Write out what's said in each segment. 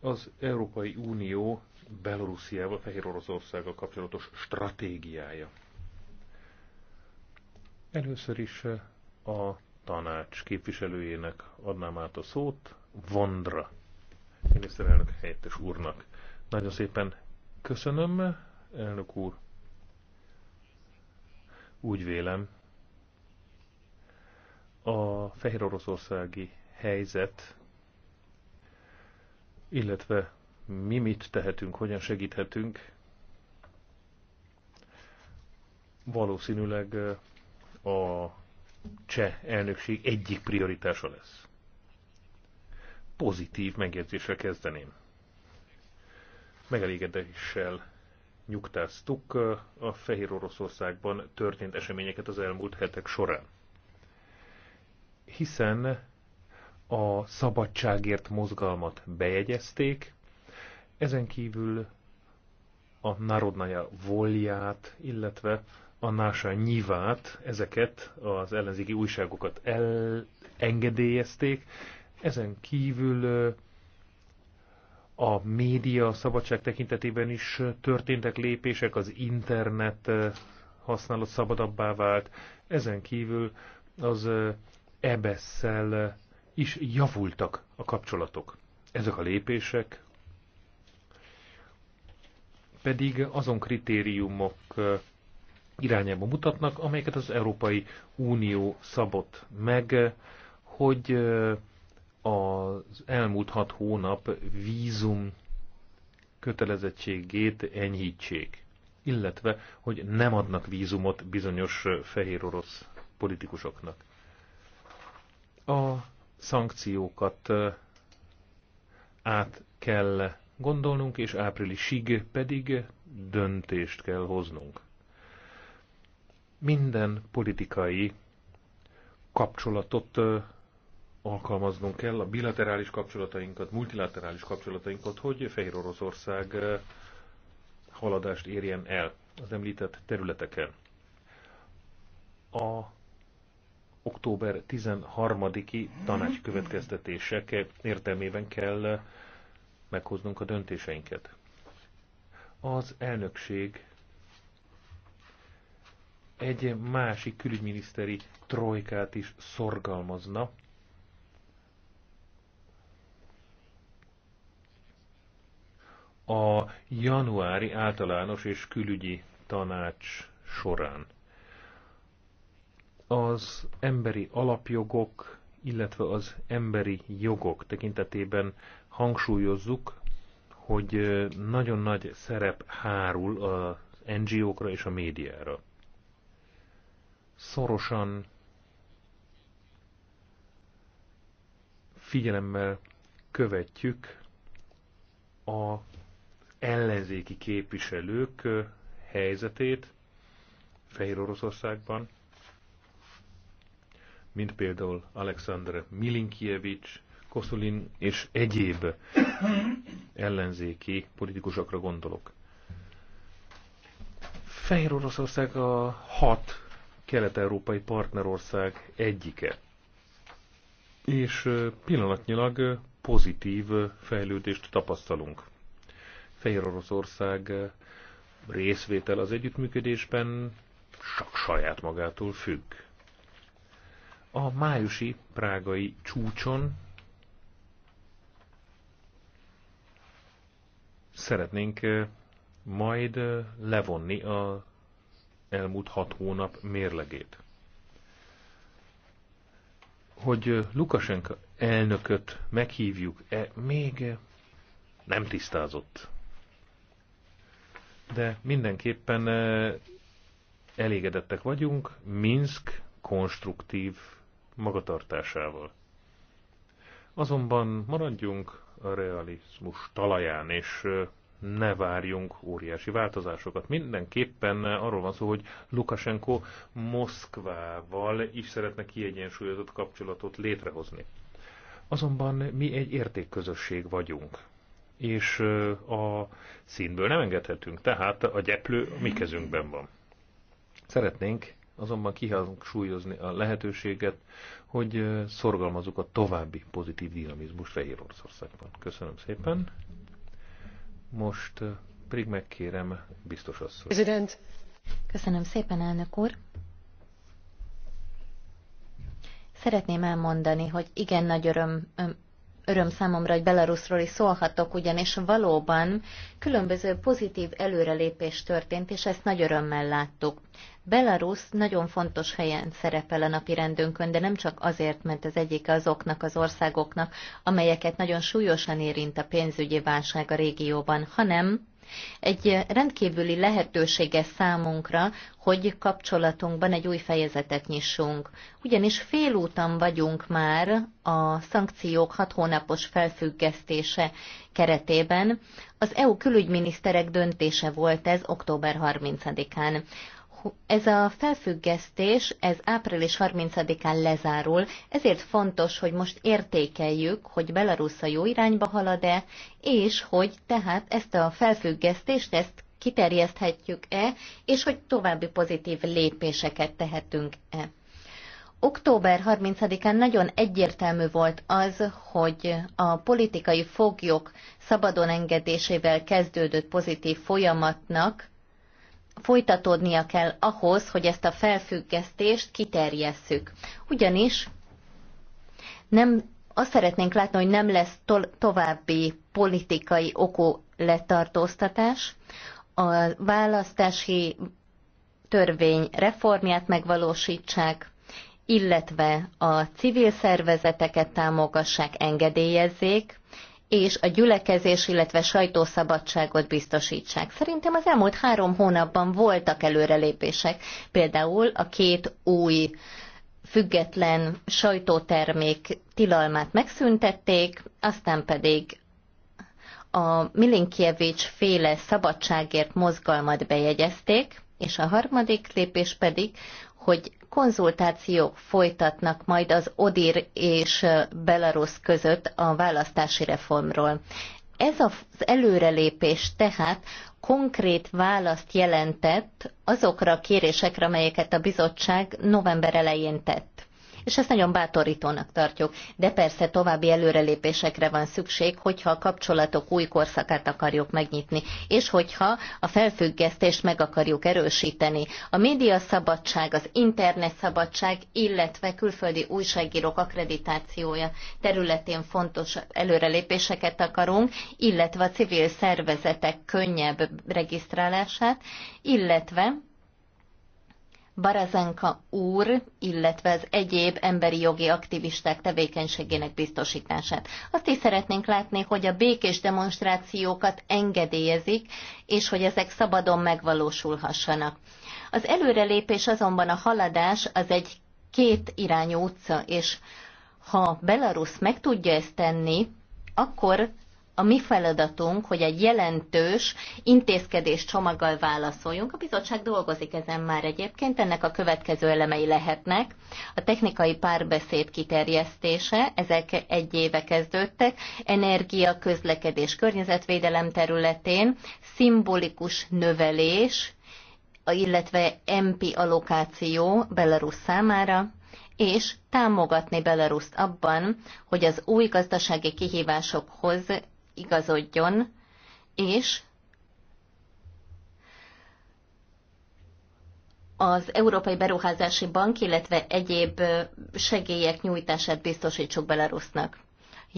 az Európai Unió Belorussziával, Fehér Oroszországgal kapcsolatos stratégiája. Először is eh, a tanács képviselőjének adnám át a szót, Vondra, miniszterelnök helyettes úrnak. Nagyon szépen köszönöm, elnök úr. Úgy vélem, a fehér oroszországi helyzet illetve mi mit tehetünk, hogyan segíthetünk, valószínűleg a cseh elnökség egyik prioritása lesz. Pozitív megjegyzésre kezdeném. Megelégedéssel nyugtáztuk a Fehér Oroszországban történt eseményeket az elmúlt hetek során. Hiszen a szabadságért mozgalmat bejegyezték, ezen kívül a Narodnaya Volját, illetve a Nása Nyivát, ezeket az ellenzéki újságokat elengedélyezték. Ezen kívül a média szabadság tekintetében is történtek lépések, az internet használat szabadabbá vált. Ezen kívül az ebesszel is javultak a kapcsolatok. Ezek a lépések pedig azon kritériumok irányába mutatnak, amelyeket az Európai Unió szabott meg, hogy az elmúlt hat hónap vízum kötelezettségét enyhítsék, illetve, hogy nem adnak vízumot bizonyos fehér orosz politikusoknak. A szankciókat át kell gondolnunk, és áprilisig pedig döntést kell hoznunk. Minden politikai kapcsolatot alkalmaznunk kell, a bilaterális kapcsolatainkat, multilaterális kapcsolatainkat, hogy Fehér Oroszország haladást érjen el az említett területeken. A október 13-i tanács következtetések értelmében kell meghoznunk a döntéseinket. Az elnökség egy másik külügyminiszteri trojkát is szorgalmazna, a januári általános és külügyi tanács során az emberi alapjogok, illetve az emberi jogok tekintetében hangsúlyozzuk, hogy nagyon nagy szerep hárul az NGO-kra és a médiára. Szorosan figyelemmel követjük a ellenzéki képviselők helyzetét Fehér Oroszországban, mint például Alexander Milinkievics, Koszulin és egyéb ellenzéki politikusokra gondolok. Fehér Oroszország a hat kelet-európai partnerország egyike. És pillanatnyilag pozitív fejlődést tapasztalunk. Fehér Oroszország részvétel az együttműködésben csak saját magától függ. A májusi prágai csúcson szeretnénk eh, majd eh, levonni a elmúlt hat hónap mérlegét. Hogy eh, Lukasenka elnököt meghívjuk-e, még nem tisztázott. De mindenképpen elégedettek vagyunk, Minsk konstruktív magatartásával. Azonban maradjunk a realizmus talaján, és ne várjunk óriási változásokat. Mindenképpen arról van szó, hogy Lukasenko Moszkvával is szeretne kiegyensúlyozott kapcsolatot létrehozni. Azonban mi egy értékközösség vagyunk, és a színből nem engedhetünk, tehát a gyeplő a mi kezünkben van. Szeretnénk azonban kihangsúlyozni a lehetőséget, hogy szorgalmazunk a további pozitív dinamizmust Fehér Oroszországban. Köszönöm szépen. Most pedig megkérem biztos asszony. President. Köszönöm szépen, elnök úr. Szeretném elmondani, hogy igen nagy öröm, öröm számomra, hogy Belarusról is szólhatok, ugyanis valóban különböző pozitív előrelépés történt, és ezt nagy örömmel láttuk. Belarus nagyon fontos helyen szerepel a napi rendünkön, de nem csak azért, mert ez egyik azoknak az országoknak, amelyeket nagyon súlyosan érint a pénzügyi válság a régióban, hanem egy rendkívüli lehetősége számunkra, hogy kapcsolatunkban egy új fejezetet nyissunk. Ugyanis félúton vagyunk már a szankciók hat hónapos felfüggesztése keretében. Az EU külügyminiszterek döntése volt ez október 30-án ez a felfüggesztés, ez április 30-án lezárul, ezért fontos, hogy most értékeljük, hogy Belarus a jó irányba halad-e, és hogy tehát ezt a felfüggesztést, ezt kiterjeszthetjük-e, és hogy további pozitív lépéseket tehetünk-e. Október 30-án nagyon egyértelmű volt az, hogy a politikai foglyok szabadon engedésével kezdődött pozitív folyamatnak folytatódnia kell ahhoz, hogy ezt a felfüggesztést kiterjesszük. Ugyanis nem azt szeretnénk látni, hogy nem lesz to- további politikai okó letartóztatás. A választási törvény reformját megvalósítsák, illetve a civil szervezeteket támogassák, engedélyezzék, és a gyülekezés, illetve sajtószabadságot biztosítsák. Szerintem az elmúlt három hónapban voltak előrelépések, például a két új független sajtótermék tilalmát megszüntették, aztán pedig a Milinkievics féle szabadságért mozgalmat bejegyezték, és a harmadik lépés pedig, hogy konzultációk folytatnak majd az Odir és Belarus között a választási reformról. Ez az előrelépés tehát konkrét választ jelentett azokra a kérésekre, amelyeket a bizottság november elején tett és ezt nagyon bátorítónak tartjuk. De persze további előrelépésekre van szükség, hogyha a kapcsolatok új korszakát akarjuk megnyitni, és hogyha a felfüggesztést meg akarjuk erősíteni. A média szabadság, az internet szabadság, illetve külföldi újságírók akkreditációja területén fontos előrelépéseket akarunk, illetve a civil szervezetek könnyebb regisztrálását, illetve Barazenka úr, illetve az egyéb emberi jogi aktivisták tevékenységének biztosítását. Azt is szeretnénk látni, hogy a békés demonstrációkat engedélyezik, és hogy ezek szabadon megvalósulhassanak. Az előrelépés azonban a haladás az egy két irányú utca, és ha Belarus meg tudja ezt tenni, akkor a mi feladatunk, hogy egy jelentős intézkedés csomaggal válaszoljunk. A bizottság dolgozik ezen már egyébként, ennek a következő elemei lehetnek. A technikai párbeszéd kiterjesztése, ezek egy éve kezdődtek, energia, közlekedés, környezetvédelem területén, szimbolikus növelés, illetve MP alokáció Belarus számára, és támogatni Belaruszt abban, hogy az új gazdasági kihívásokhoz igazodjon, és az Európai Beruházási Bank, illetve egyéb segélyek nyújtását biztosítsuk Belarusnak.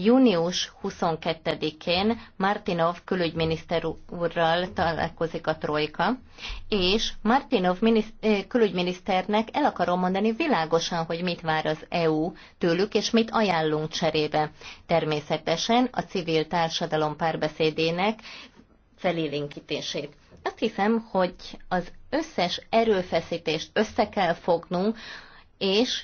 Június 22-én Martinov külügyminiszter úrral találkozik a trojka, és Martinov minisz- eh, külügyminiszternek el akarom mondani világosan, hogy mit vár az EU tőlük, és mit ajánlunk cserébe. Természetesen a civil társadalom párbeszédének felélénkítését. Azt hiszem, hogy az összes erőfeszítést össze kell fognunk, és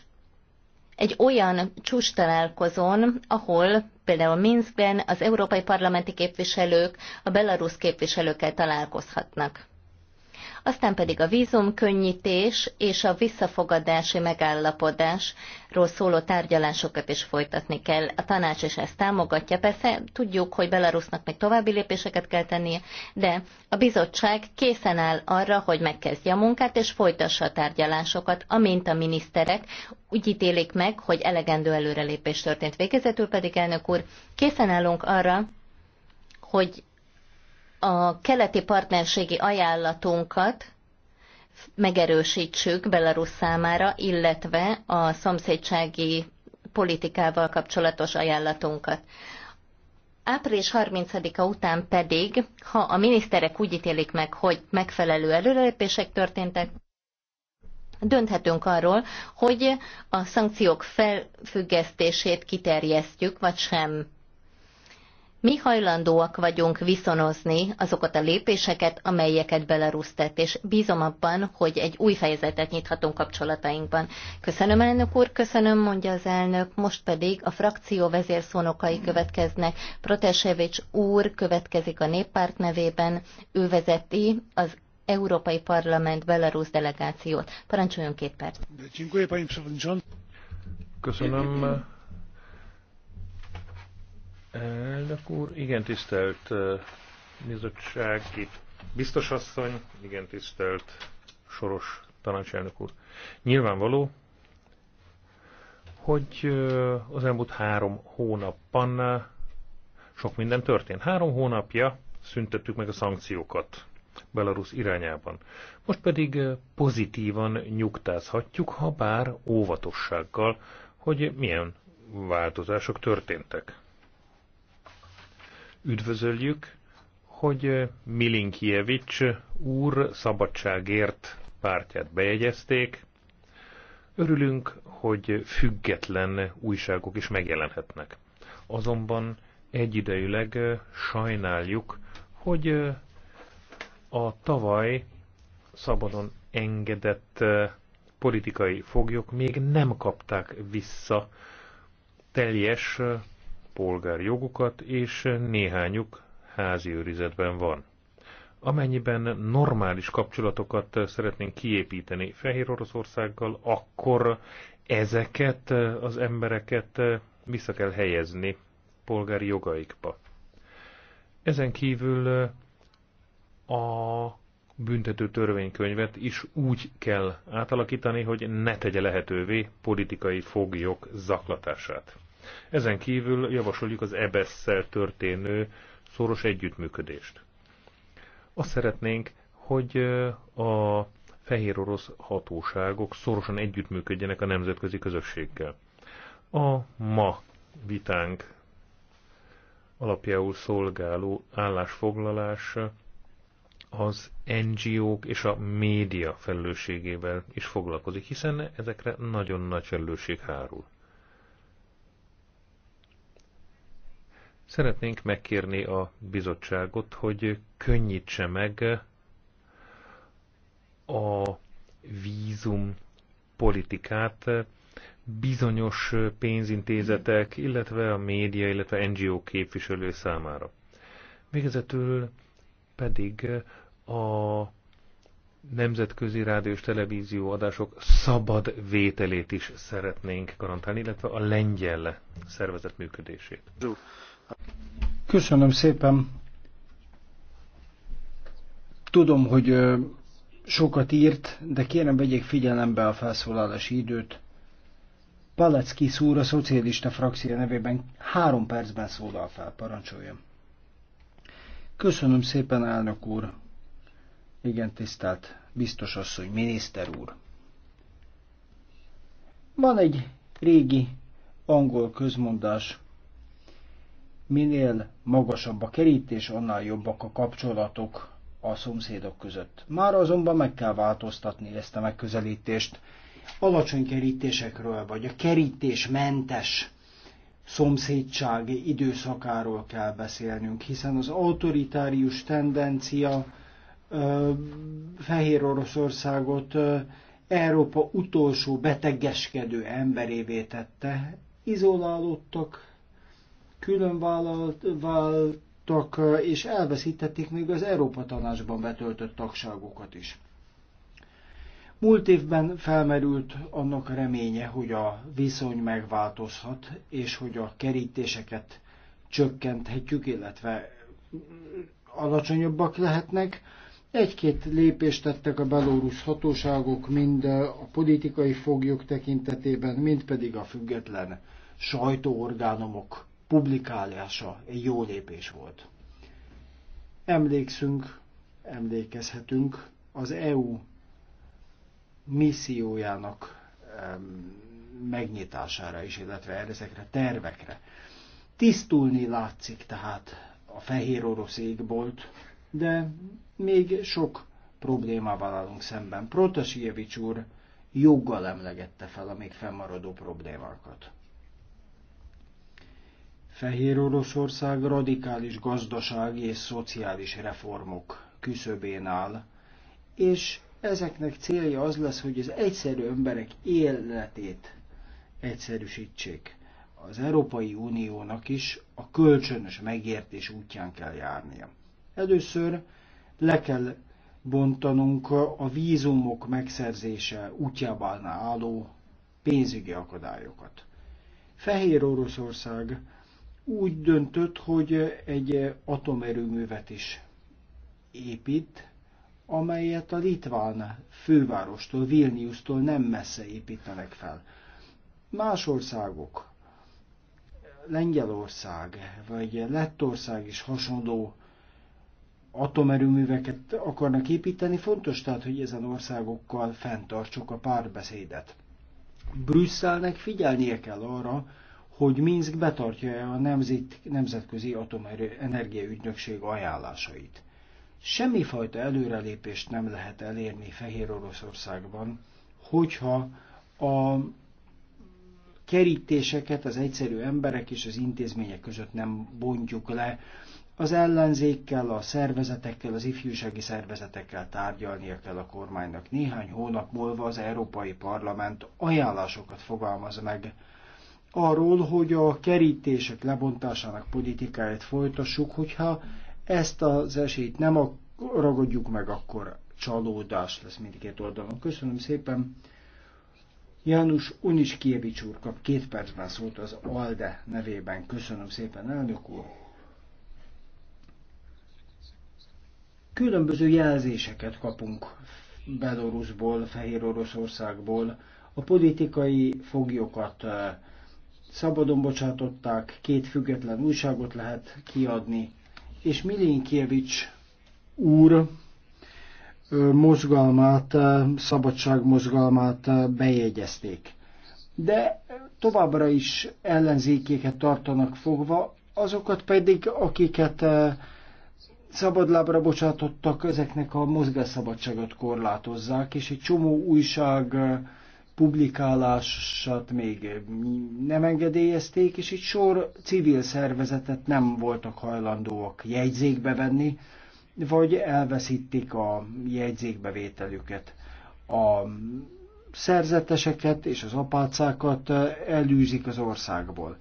egy olyan csúcs találkozón, ahol például Minskben az európai parlamenti képviselők a belarusz képviselőkkel találkozhatnak aztán pedig a vízumkönnyítés és a visszafogadási megállapodásról szóló tárgyalásokat is folytatni kell. A tanács is ezt támogatja. Persze tudjuk, hogy Belarusnak még további lépéseket kell tennie, de a bizottság készen áll arra, hogy megkezdje a munkát és folytassa a tárgyalásokat, amint a miniszterek úgy ítélik meg, hogy elegendő előrelépés történt. Végezetül pedig, elnök úr, készen állunk arra, hogy a keleti partnerségi ajánlatunkat megerősítsük Belarus számára, illetve a szomszédsági politikával kapcsolatos ajánlatunkat. Április 30-a után pedig, ha a miniszterek úgy ítélik meg, hogy megfelelő előrelépések történtek, dönthetünk arról, hogy a szankciók felfüggesztését kiterjesztjük, vagy sem. Mi hajlandóak vagyunk viszonozni azokat a lépéseket, amelyeket Belarus tett, és bízom abban, hogy egy új fejezetet nyithatunk kapcsolatainkban. Köszönöm, elnök úr, köszönöm, mondja az elnök, most pedig a frakció vezérszónokai következnek. Protesevics úr következik a néppárt nevében, ő vezeti az Európai Parlament Belarus delegációt. Parancsoljon két perc. Köszönöm, Elnök úr, igen tisztelt biztos biztosasszony, igen tisztelt soros tanácselnök úr. Nyilvánvaló, hogy az elmúlt három hónapban sok minden történt. Három hónapja szüntettük meg a szankciókat Belarus irányában. Most pedig pozitívan nyugtázhatjuk, ha bár óvatossággal, hogy milyen változások történtek üdvözöljük, hogy Milinkievics úr szabadságért pártját bejegyezték. Örülünk, hogy független újságok is megjelenhetnek. Azonban egyidejűleg sajnáljuk, hogy a tavaly szabadon engedett politikai foglyok még nem kapták vissza teljes polgári jogukat, és néhányuk házi őrizetben van. Amennyiben normális kapcsolatokat szeretnénk kiépíteni Fehér Oroszországgal, akkor ezeket az embereket vissza kell helyezni polgári jogaikba. Ezen kívül a büntető törvénykönyvet is úgy kell átalakítani, hogy ne tegye lehetővé politikai foglyok zaklatását. Ezen kívül javasoljuk az EBS-szel e történő szoros együttműködést. Azt szeretnénk, hogy a fehér orosz hatóságok szorosan együttműködjenek a nemzetközi közösséggel. A ma vitánk alapjául szolgáló állásfoglalás az NGO-k és a média felelősségével is foglalkozik, hiszen ezekre nagyon nagy felelősség hárul. Szeretnénk megkérni a bizottságot, hogy könnyítse meg a vízum politikát bizonyos pénzintézetek, illetve a média, illetve NGO képviselő számára. Végezetül pedig a nemzetközi rádiós televízió adások szabad vételét is szeretnénk garantálni, illetve a lengyel szervezet működését. Köszönöm szépen. Tudom, hogy sokat írt, de kérem vegyék figyelembe a felszólalási időt. Palecki szúr a szocialista frakció nevében három percben szólal fel, parancsoljon. Köszönöm szépen, elnök úr. Igen, tisztelt biztos asszony, miniszter úr. Van egy régi angol közmondás, Minél magasabb a kerítés, annál jobbak a kapcsolatok a szomszédok között. Már azonban meg kell változtatni ezt a megközelítést. Alacsony kerítésekről vagy a kerítésmentes szomszédság időszakáról kell beszélnünk, hiszen az autoritárius tendencia ö, Fehér Oroszországot ö, Európa utolsó betegeskedő emberévé tette, izolálódtak, külön váltak, eh, és elveszítették még az Európa Tanácsban betöltött tagságokat is. Múlt évben felmerült annak reménye, hogy a viszony megváltozhat, és hogy a kerítéseket csökkenthetjük, illetve alacsonyabbak lehetnek. Egy-két lépést tettek a belorusz hatóságok, mind a politikai foglyok tekintetében, mind pedig a független sajtóorgánumok publikálása egy jó lépés volt. Emlékszünk, emlékezhetünk az EU missziójának megnyitására is, illetve ezekre tervekre. Tisztulni látszik tehát a fehér orosz égbolt, de még sok problémával állunk szemben. Protasievics úr joggal emlegette fel a még fennmaradó problémákat. Fehér Oroszország radikális gazdasági és szociális reformok küszöbén áll, és ezeknek célja az lesz, hogy az egyszerű emberek életét egyszerűsítsék. Az Európai Uniónak is a kölcsönös megértés útján kell járnia. Először le kell bontanunk a vízumok megszerzése útjában álló pénzügyi akadályokat. Fehér Oroszország úgy döntött, hogy egy atomerőművet is épít, amelyet a Litván fővárostól, Vilniustól nem messze építenek fel. Más országok, Lengyelország vagy Lettország is hasonló atomerőműveket akarnak építeni, fontos tehát, hogy ezen országokkal fenntartsuk a párbeszédet. Brüsszelnek figyelnie kell arra, hogy Minsk betartja-e a nemzet, nemzetközi atomenergia ügynökség ajánlásait. Semmifajta előrelépést nem lehet elérni Fehér Oroszországban, hogyha a kerítéseket az egyszerű emberek és az intézmények között nem bontjuk le, az ellenzékkel, a szervezetekkel, az ifjúsági szervezetekkel tárgyalnia kell a kormánynak. Néhány hónap múlva az Európai Parlament ajánlásokat fogalmaz meg arról, hogy a kerítések lebontásának politikáját folytassuk, hogyha ezt az esélyt nem ragadjuk meg, akkor csalódás lesz mindkét oldalon. Köszönöm szépen. János Uniskiewicz úr kap két percben szólt az ALDE nevében. Köszönöm szépen, elnök úr. Különböző jelzéseket kapunk Belarusból, Fehér Oroszországból. A politikai foglyokat eh, szabadon bocsátották, két független újságot lehet kiadni, és Milinkievics úr mozgalmát, szabadságmozgalmát bejegyezték. De továbbra is ellenzékéket tartanak fogva, azokat pedig, akiket szabadlábra bocsátottak, ezeknek a mozgásszabadságot korlátozzák, és egy csomó újság publikálását még nem engedélyezték, és itt sor civil szervezetet nem voltak hajlandóak jegyzékbe venni, vagy elveszítik a jegyzékbevételüket. A szerzeteseket és az apácákat elűzik az országból.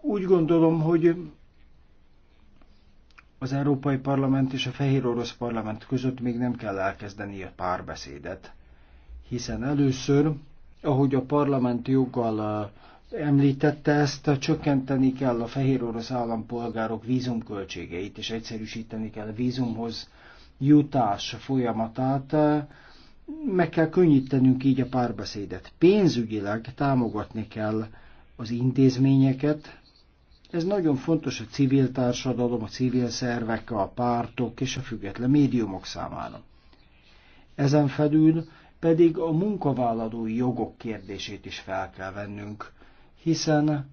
Úgy gondolom, hogy az Európai Parlament és a Fehér Orosz Parlament között még nem kell elkezdeni a párbeszédet hiszen először, ahogy a parlament joggal említette ezt, csökkenteni kell a fehér orosz állampolgárok vízumköltségeit, és egyszerűsíteni kell a vízumhoz jutás folyamatát, meg kell könnyítenünk így a párbeszédet. Pénzügyileg támogatni kell az intézményeket, ez nagyon fontos a civil társadalom, a civil szervek, a pártok és a független médiumok számára. Ezen felül pedig a munkavállalói jogok kérdését is fel kell vennünk, hiszen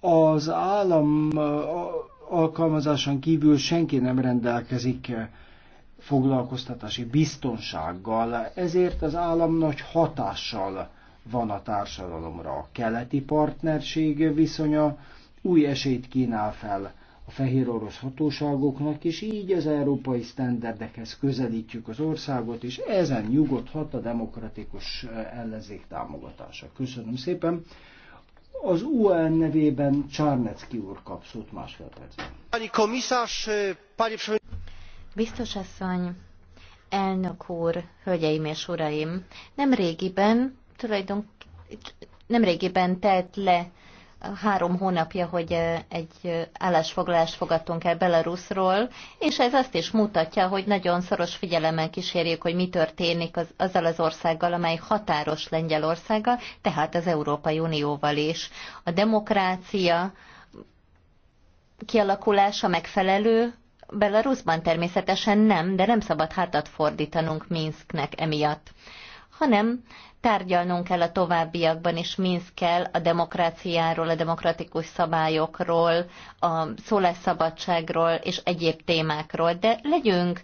az állam alkalmazáson kívül senki nem rendelkezik eh, foglalkoztatási biztonsággal, ezért az állam nagy hatással van a társadalomra. A keleti partnerség viszonya új esélyt kínál fel a fehér orosz hatóságoknak, és így az európai sztenderdekhez közelítjük az országot, és ezen nyugodhat a demokratikus eh, ellenzék támogatása. Köszönöm szépen. Az UN nevében Csárnecki úr kap szót másfél percben. Eh, Biztos asszony, elnök úr, hölgyeim és uraim, nem régiben, tulajdonképpen nem régiben telt le három hónapja, hogy egy állásfoglalást fogadtunk el Belarusról, és ez azt is mutatja, hogy nagyon szoros figyelemmel kísérjük, hogy mi történik az, azzal az országgal, amely határos Lengyelországgal, tehát az Európai Unióval is. A demokrácia kialakulása megfelelő Belarusban természetesen nem, de nem szabad hátat fordítanunk Minsknek emiatt hanem Tárgyalnunk kell a továbbiakban is Minszkel a demokráciáról, a demokratikus szabályokról, a szólásszabadságról és egyéb témákról, de legyünk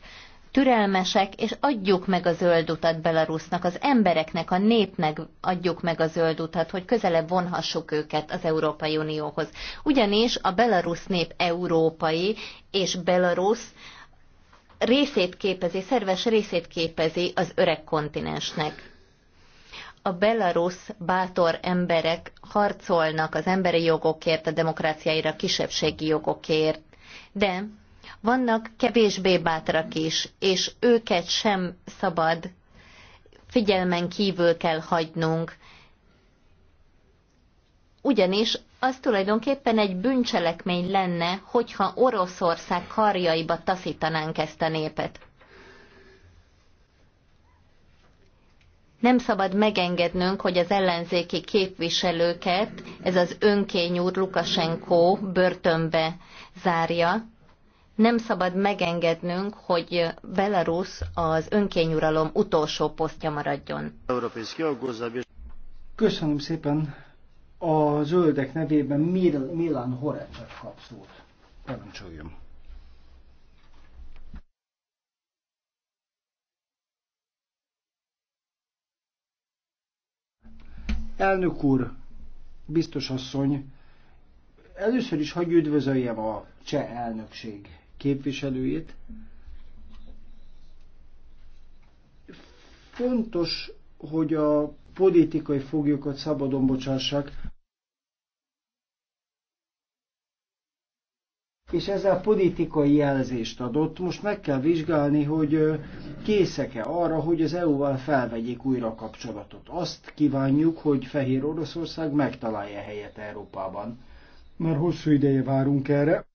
türelmesek, és adjuk meg a zöld utat Belarusnak, az embereknek, a népnek adjuk meg a zöld utat, hogy közelebb vonhassuk őket az Európai Unióhoz. Ugyanis a belarusz nép európai, és Belarusz részét képezi, szerves részét képezi az öreg kontinensnek a belarusz bátor emberek harcolnak az emberi jogokért, a demokráciáira, a kisebbségi jogokért. De vannak kevésbé bátrak is, és őket sem szabad figyelmen kívül kell hagynunk. Ugyanis az tulajdonképpen egy bűncselekmény lenne, hogyha Oroszország karjaiba taszítanánk ezt a népet. Nem szabad megengednünk, hogy az ellenzéki képviselőket ez az önkényúr Lukasenko börtönbe zárja. Nem szabad megengednünk, hogy Belarus az önkényuralom utolsó posztja maradjon. Köszönöm szépen. A zöldek nevében Mil Milán Horecek kapszót. szót. Parancsoljon. Elnök úr, biztos asszony, először is hagyj üdvözöljem a cseh elnökség képviselőjét. Fontos, hogy a politikai foglyokat szabadon bocsássák. és ezzel politikai jelzést adott. Most meg kell vizsgálni, hogy készek-e arra, hogy az EU-val felvegyék újra a kapcsolatot. Azt kívánjuk, hogy Fehér Oroszország megtalálja helyet Európában. Már hosszú ideje várunk erre,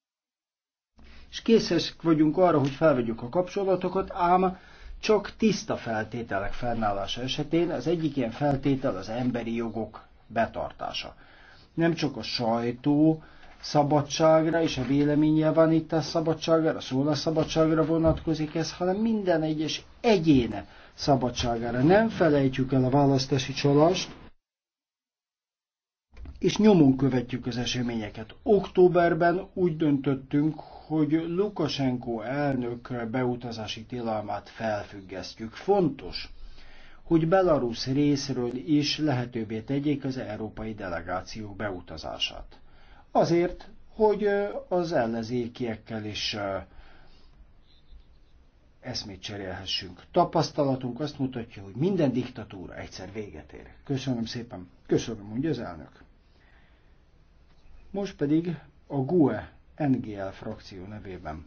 és készek vagyunk arra, hogy felvegyük a kapcsolatokat, ám csak tiszta feltételek fennállása esetén az egyik ilyen feltétel az emberi jogok betartása. Nem csak a sajtó, szabadságra és a véleménynyilvánítás szabadságára, a szólásszabadságra vonatkozik ez, hanem minden egyes egyéne szabadságára. Nem felejtjük el a választási csalást, és nyomon követjük az eseményeket. Októberben úgy döntöttünk, hogy Lukasenko elnök beutazási tilalmát felfüggesztjük. Fontos, hogy Belarus részről is lehetővé tegyék az európai delegációk beutazását. Azért, hogy az ellenzékiekkel is eszmét cserélhessünk. Tapasztalatunk azt mutatja, hogy minden diktatúra egyszer véget ér. Köszönöm szépen. Köszönöm, mondja az elnök. Most pedig a GUE NGL frakció nevében.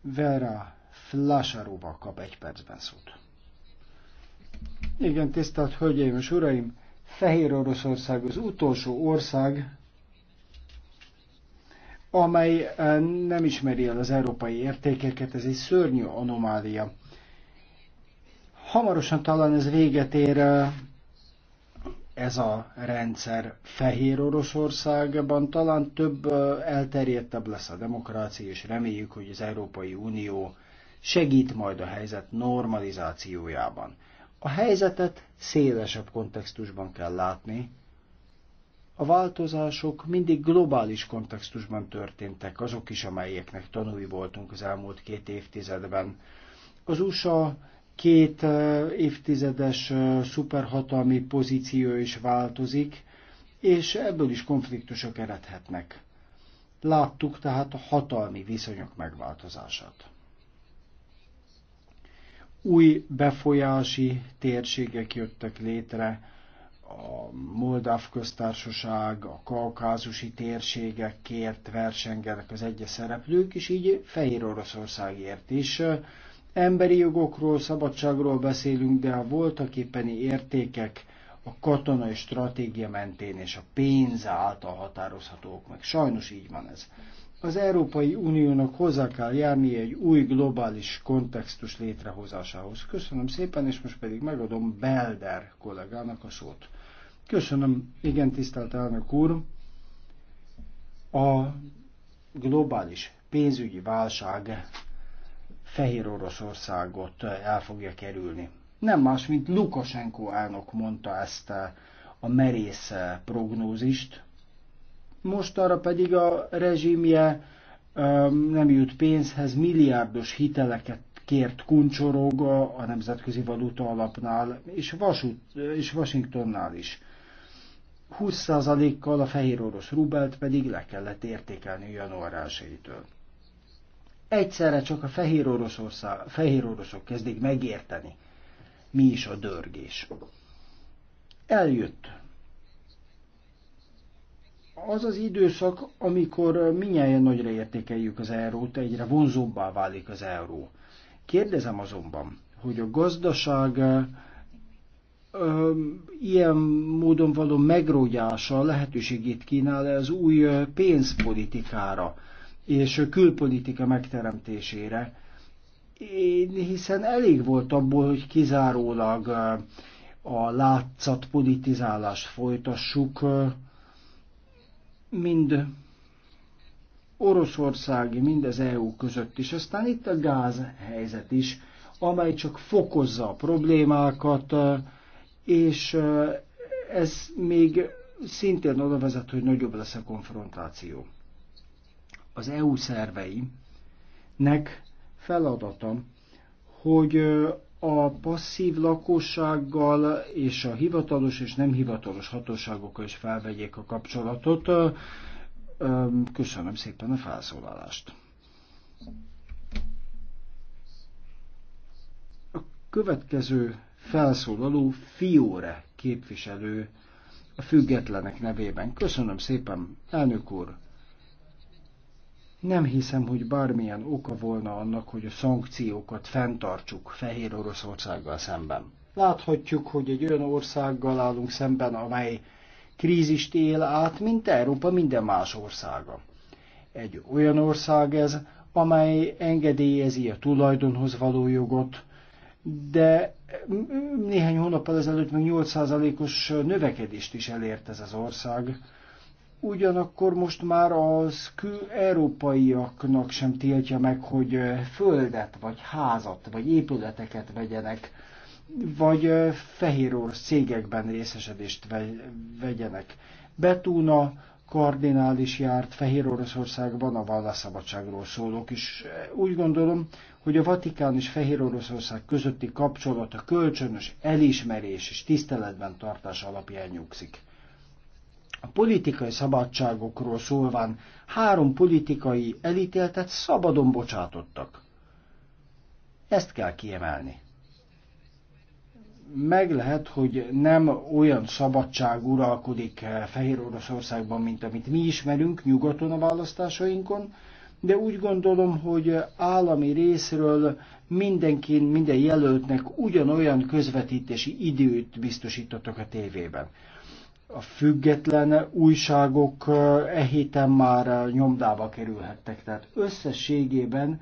Vera Flasarova kap egy percben szót. Igen, tisztelt Hölgyeim és Uraim! Fehér Oroszország az utolsó ország, amely eh, nem ismeri el az európai értékeket, ez egy szörnyű anomália. Hamarosan talán ez véget ér eh, ez a rendszer. Fehér Oroszországban talán több eh, elterjedtebb lesz a demokrácia, és reméljük, hogy az Európai Unió segít majd a helyzet normalizációjában. A helyzetet szélesebb kontextusban kell látni. A változások mindig globális kontextusban történtek, azok is, amelyeknek tanúi voltunk az elmúlt két évtizedben. Az USA két eh, évtizedes eh, szuperhatalmi pozíció is változik, és ebből is konfliktusok eredhetnek. Láttuk tehát a hatalmi viszonyok megváltozását új befolyási térségek jöttek létre, a Moldáv köztársaság, a kaukázusi térségekért versengenek az egyes szereplők, és így Fehér Oroszországért is. Emberi jogokról, szabadságról beszélünk, de a voltak éppeni értékek a katonai stratégia mentén és a pénz által határozhatók meg. Sajnos így van ez az Európai Uniónak hozzá kell járni egy új globális kontextus létrehozásához. Köszönöm szépen, és most pedig megadom Belder kollégának a szót. Köszönöm, igen, tisztelt elnök úr. A globális pénzügyi válság Fehér Oroszországot el fogja kerülni. Nem más, mint Lukasenko elnök mondta ezt a merész prognózist, mostanra pedig a rezsimje nem jut pénzhez, milliárdos hiteleket kért kuncsorog a Nemzetközi Valuta Alapnál és, vasút, és Washingtonnál is. 20%-kal a fehér orosz rubelt pedig le kellett értékelni január 1-től. Egyszerre csak a fehér, oroszország, fehér oroszok kezdik megérteni, mi is a dörgés. Eljött az az időszak, amikor minnyáján nagyra értékeljük az eurót, egyre vonzóbbá válik az euró. Kérdezem azonban, hogy a gazdaság ö, ilyen módon való megrógyása lehetőségét kínál-e az új pénzpolitikára és külpolitika megteremtésére, Én, hiszen elég volt abból, hogy kizárólag a látszat politizálást folytassuk, mind oroszországi, mind az EU között is. Aztán itt a gáz helyzet is, amely csak fokozza a problémákat, és eh, ez még szintén oda vezet, hogy nagyobb lesz a konfrontáció. Az EU szerveinek feladata, hogy eh, a passzív lakossággal és a hivatalos és nem hivatalos hatóságokkal is felvegyék a kapcsolatot. Köszönöm szépen a felszólalást. A következő felszólaló Fiore képviselő a függetlenek nevében. Köszönöm szépen, elnök úr! Nem hiszem, hogy bármilyen oka volna annak, hogy a szankciókat fenntartsuk Fehér Oroszországgal szemben. Láthatjuk, hogy egy olyan országgal állunk szemben, amely krízist él át, mint Európa minden más országa. Egy olyan ország ez, amely engedélyezi a tulajdonhoz való jogot, de néhány hónappal ezelőtt még 8%-os növekedést is elért ez az ország. Ugyanakkor most már az kül európaiaknak sem tiltja meg, hogy földet, vagy házat, vagy épületeket vegyenek, vagy fehéror cégekben részesedést vegyenek. Betúna kardinális járt Fehér Oroszországban a vallásszabadságról szólók is. Úgy gondolom, hogy a Vatikán és Fehér Oroszország közötti kapcsolat a kölcsönös elismerés és tiszteletben tartás alapján nyugszik. A politikai szabadságokról szólván három politikai elítéltet szabadon bocsátottak. Ezt kell kiemelni. Meg lehet, hogy nem olyan szabadság uralkodik eh, Fehér Oroszországban, mint amit mi ismerünk nyugaton a választásainkon, de úgy gondolom, hogy állami részről mindenkin, minden jelöltnek ugyanolyan közvetítési időt biztosítottak a tévében a független újságok e héten már nyomdába kerülhettek. Tehát összességében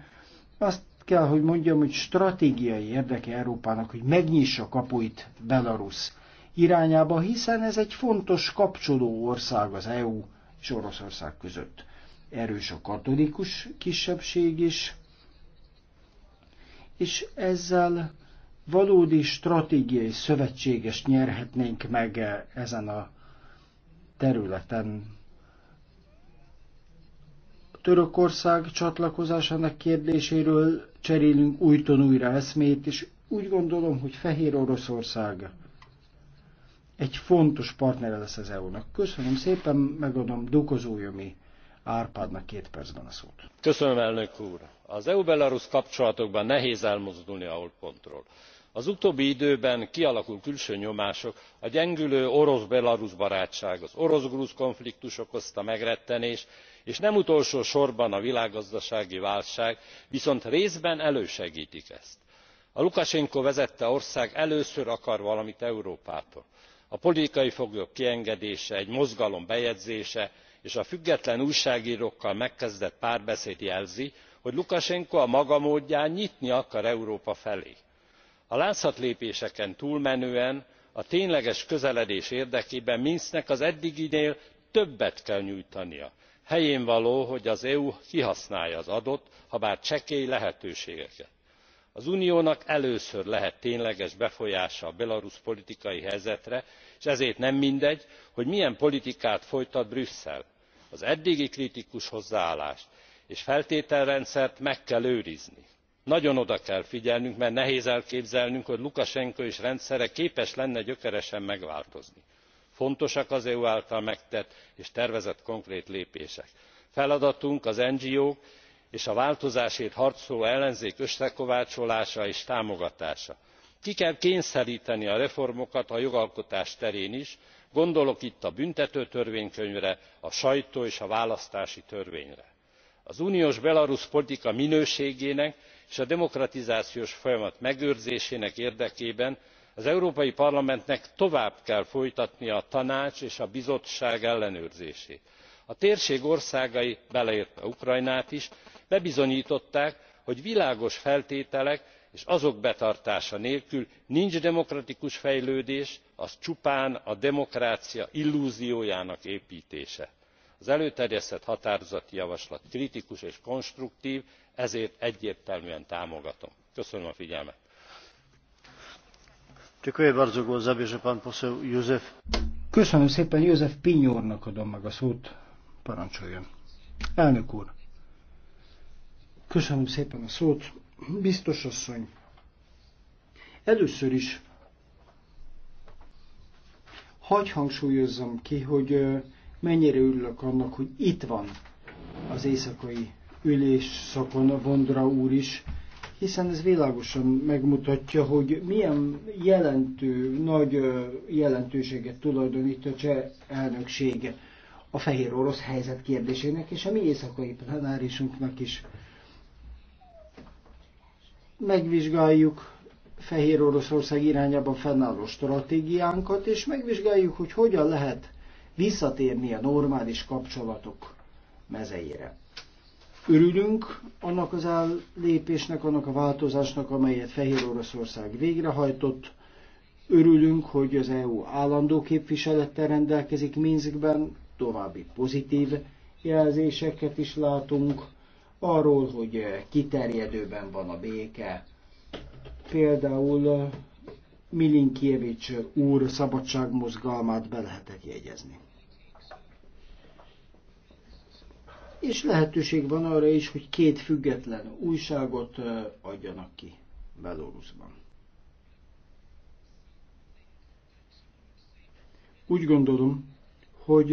azt kell, hogy mondjam, hogy stratégiai érdeke Európának, hogy megnyissa kapuit Belarus irányába, hiszen ez egy fontos kapcsoló ország az EU és Oroszország között. Erős a katolikus kisebbség is, és ezzel valódi stratégiai szövetséges nyerhetnénk meg eh, ezen a területen. Törökország csatlakozásának kérdéséről cserélünk újton újra eszmét, és úgy gondolom, hogy Fehér Oroszország egy fontos partnere lesz az EU-nak. Köszönöm szépen, megadom Dukozójomi Árpádnak két percben a szót. Köszönöm, elnök úr! Az EU-Belarus kapcsolatokban nehéz elmozdulni a holtpontról az utóbbi időben kialakult külső nyomások a gyengülő orosz belarusz barátság az orosz grúz konfliktus okozta megrettenés és nem utolsó sorban a világgazdasági válság viszont részben elősegtik ezt. a lukasenko vezette ország először akar valamit európától. a politikai foglyok kiengedése egy mozgalom bejegyzése és a független újságrókkal megkezdett párbeszéd jelzi hogy lukasenko a maga módján nyitni akar európa felé a látszatlépéseken túlmenően a tényleges közeledés érdekében minsknek az eddiginél többet kell nyújtania. helyénvaló hogy az eu kihasználja az adott habár csekély lehetőségeket. az uniónak először lehet tényleges befolyása a belarusz politikai helyzetre s ezért nem mindegy hogy milyen politikát folytat brüsszel. az eddigi kritikus hozzáállást és feltételrendszert meg kell őrizni nagyon oda kell figyelnünk mert nehéz elképzelnünk hogy lukasenko és rendszere képes lenne gyökeresen megváltozni. fontosak az eu által megtett és tervezett konkrét lépések. feladatunk az ngo k és a változásért harcoló ellenzék összekovácsolása és támogatása. ki kell kényszerteni a reformokat a jogalkotás terén is gondolok itt a büntetőtörvénykönyvre a sajtó és a választási törvényre. az uniós belarusz politika minőségének és a demokratizációs folyamat megőrzésének érdekében az európai parlamentnek tovább kell folytatnia a tanács és a bizottság ellenőrzését. a térség országai beleértve ukrajnát is bebizonytották hogy világos feltételek és azok betartása nélkül nincs demokratikus fejlődés az csupán a demokrácia illúziójának éptése. az előterjesztett határozati javaslat kritikus és konstruktv ezért egyértelműen támogatom. köszönöm a figyelmet. Köszönöm szépen, József Pinyornak adom meg a szót. Parancsoljon. Elnök úr, köszönöm szépen a szót. Biztos asszony, először is hagy hangsúlyozzam ki, hogy mennyire örülök annak, hogy itt van az éjszakai ülés a Vondra úr is, hiszen ez világosan megmutatja, hogy milyen jelentő, nagy jelentőséget tulajdonít a cseh elnöksége a fehér orosz helyzet kérdésének és a mi éjszakai plenárisunknak is. Megvizsgáljuk Fehér Oroszország irányában fennálló stratégiánkat, és megvizsgáljuk, hogy hogyan lehet visszatérni a normális kapcsolatok mezeire. Örülünk annak az ellépésnek, annak a változásnak, amelyet Fehér Oroszország végrehajtott. Örülünk, hogy az EU állandó képviselettel rendelkezik Minskben, további pozitív jelzéseket is látunk arról, hogy kiterjedőben van a béke. Például Milinkievics úr szabadságmozgalmát be lehetett jegyezni. és lehetőség van arra is, hogy két független újságot adjanak ki Belarusban. Úgy gondolom, hogy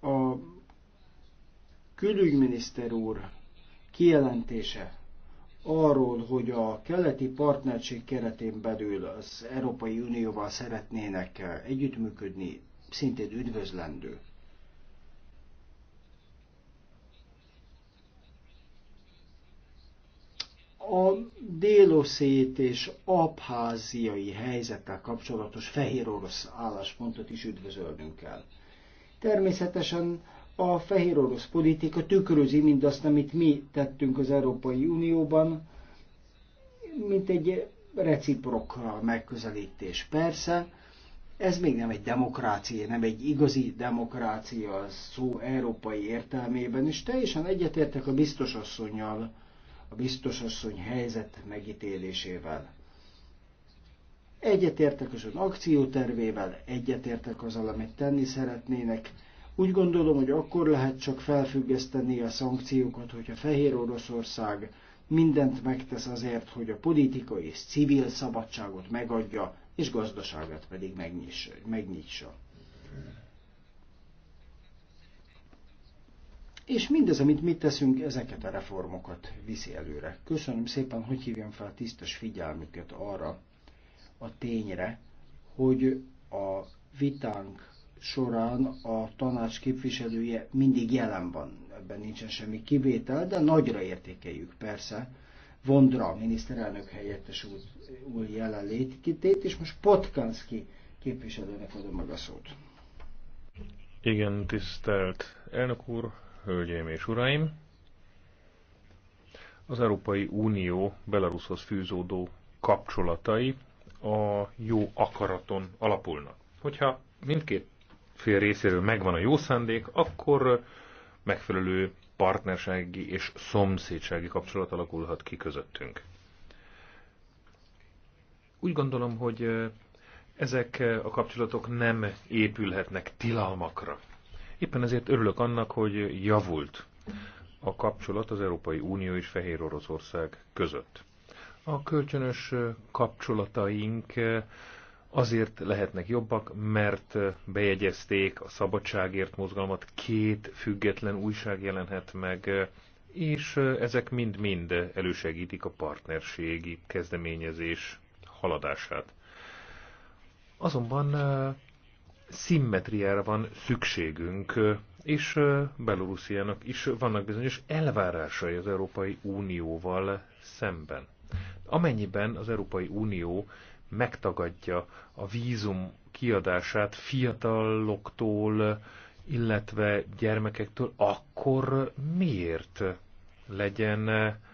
a külügyminiszter úr kijelentése arról, hogy a keleti partnerség keretén belül az Európai Unióval szeretnének együttműködni, szintén üdvözlendő. a déloszét és abháziai helyzettel kapcsolatos fehér orosz álláspontot is üdvözölnünk kell. Természetesen a fehér orosz politika tükrözi mindazt, amit mi tettünk az Európai Unióban, mint egy reciprok megközelítés. Persze, ez még nem egy demokrácia, nem egy igazi demokrácia az szó európai értelmében, és teljesen egyetértek a biztos asszonynal, a asszony helyzet megítélésével. Egyetértek az ön akciótervével, egyetértek azzal, amit tenni szeretnének. Úgy gondolom, hogy akkor lehet csak felfüggeszteni a szankciókat, hogyha Fehér Oroszország mindent megtesz azért, hogy a politikai és civil szabadságot megadja, és gazdaságát pedig megnyissa. megnyissa. és mindez, amit mi teszünk, ezeket a reformokat viszi előre. Köszönöm szépen, hogy hívjam fel tisztes figyelmüket arra a tényre, hogy a vitánk során a tanács képviselője mindig jelen van. Ebben nincsen semmi kivétel, de nagyra értékeljük persze Vondra, a miniszterelnök helyettes úr, úr jelenlétét, és most Potkanski képviselőnek adom meg a szót. Igen, tisztelt elnök úr, hölgyeim és uraim! Az Európai Unió Belarushoz fűzódó kapcsolatai a jó akaraton alapulnak. Hogyha mindkét fél részéről megvan a jó szándék, akkor megfelelő partnersági és szomszédsági kapcsolat alakulhat ki közöttünk. Úgy gondolom, hogy ezek a kapcsolatok nem épülhetnek tilalmakra. Éppen ezért örülök annak, hogy javult a kapcsolat az Európai Unió és Fehér Oroszország között. A kölcsönös kapcsolataink azért lehetnek jobbak, mert bejegyezték a szabadságért mozgalmat, két független újság jelenhet meg, és ezek mind-mind elősegítik a partnerségi kezdeményezés haladását. Azonban szimmetriára van szükségünk, és Belorussziának is vannak bizonyos elvárásai az Európai Unióval szemben. Amennyiben az Európai Unió megtagadja a vízum kiadását fiataloktól, illetve gyermekektől, akkor miért legyen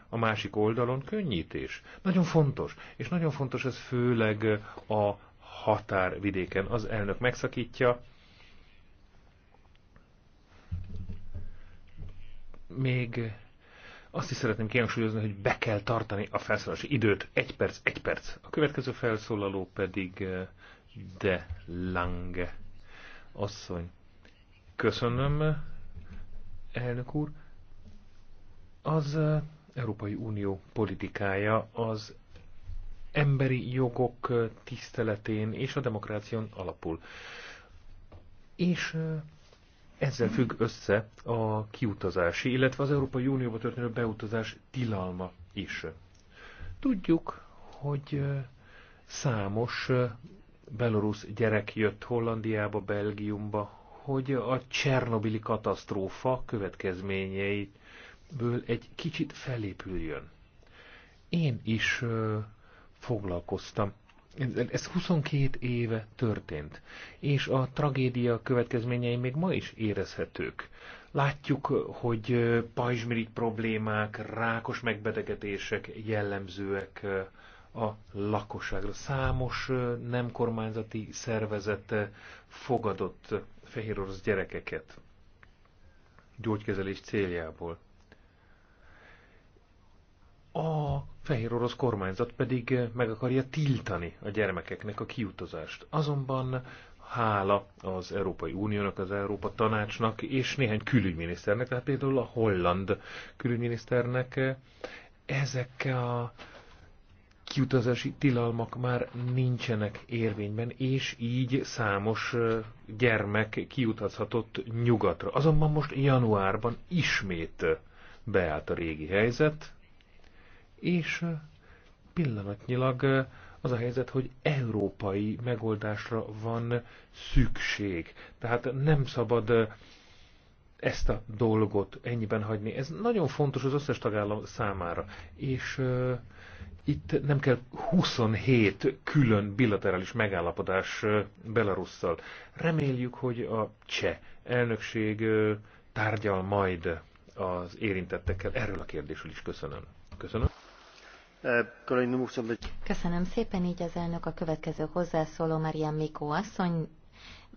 a másik oldalon könnyítés? Nagyon fontos, és nagyon fontos ez főleg a határvidéken. Az elnök megszakítja. Még azt is szeretném kihangsúlyozni, hogy be kell tartani a felszólalási időt. Egy perc, egy perc. A következő felszólaló pedig eh, De Lange. Asszony. Köszönöm, elnök úr. Az eh, Európai Unió politikája az emberi jogok tiszteletén és a demokrácián alapul. És ezzel függ össze a kiutazási, illetve az Európai Unióba történő beutazás tilalma is. Tudjuk, hogy számos belorusz gyerek jött Hollandiába, Belgiumba, hogy a Csernobili katasztrófa következményeiből egy kicsit felépüljön. Én is foglalkoztam. Ez 22 éve történt, és a tragédia következményei még ma is érezhetők. Látjuk, hogy pajzsmirigy problémák, rákos megbetegedések jellemzőek a lakosságra. Számos nem kormányzati szervezet fogadott fehér orosz gyerekeket gyógykezelés céljából. A fehér orosz kormányzat pedig eh, meg akarja tiltani a gyermekeknek a kiutazást. Azonban hála az Európai Uniónak, az Európa Tanácsnak és néhány külügyminiszternek, tehát például a holland külügyminiszternek eh, ezek a kiutazási tilalmak már nincsenek érvényben, és így számos eh, gyermek kiutazhatott nyugatra. Azonban most januárban ismét beállt a régi helyzet, és pillanatnyilag az a helyzet, hogy európai megoldásra van szükség. Tehát nem szabad ezt a dolgot ennyiben hagyni. Ez nagyon fontos az összes tagállam számára. És uh, itt nem kell 27 külön bilaterális megállapodás uh, Belarusszal. Reméljük, hogy a cseh elnökség uh, tárgyal majd az érintettekkel. Erről a kérdésről is köszönöm. Köszönöm. Köszönöm szépen, így az elnök a következő hozzászóló Marian Mikó asszony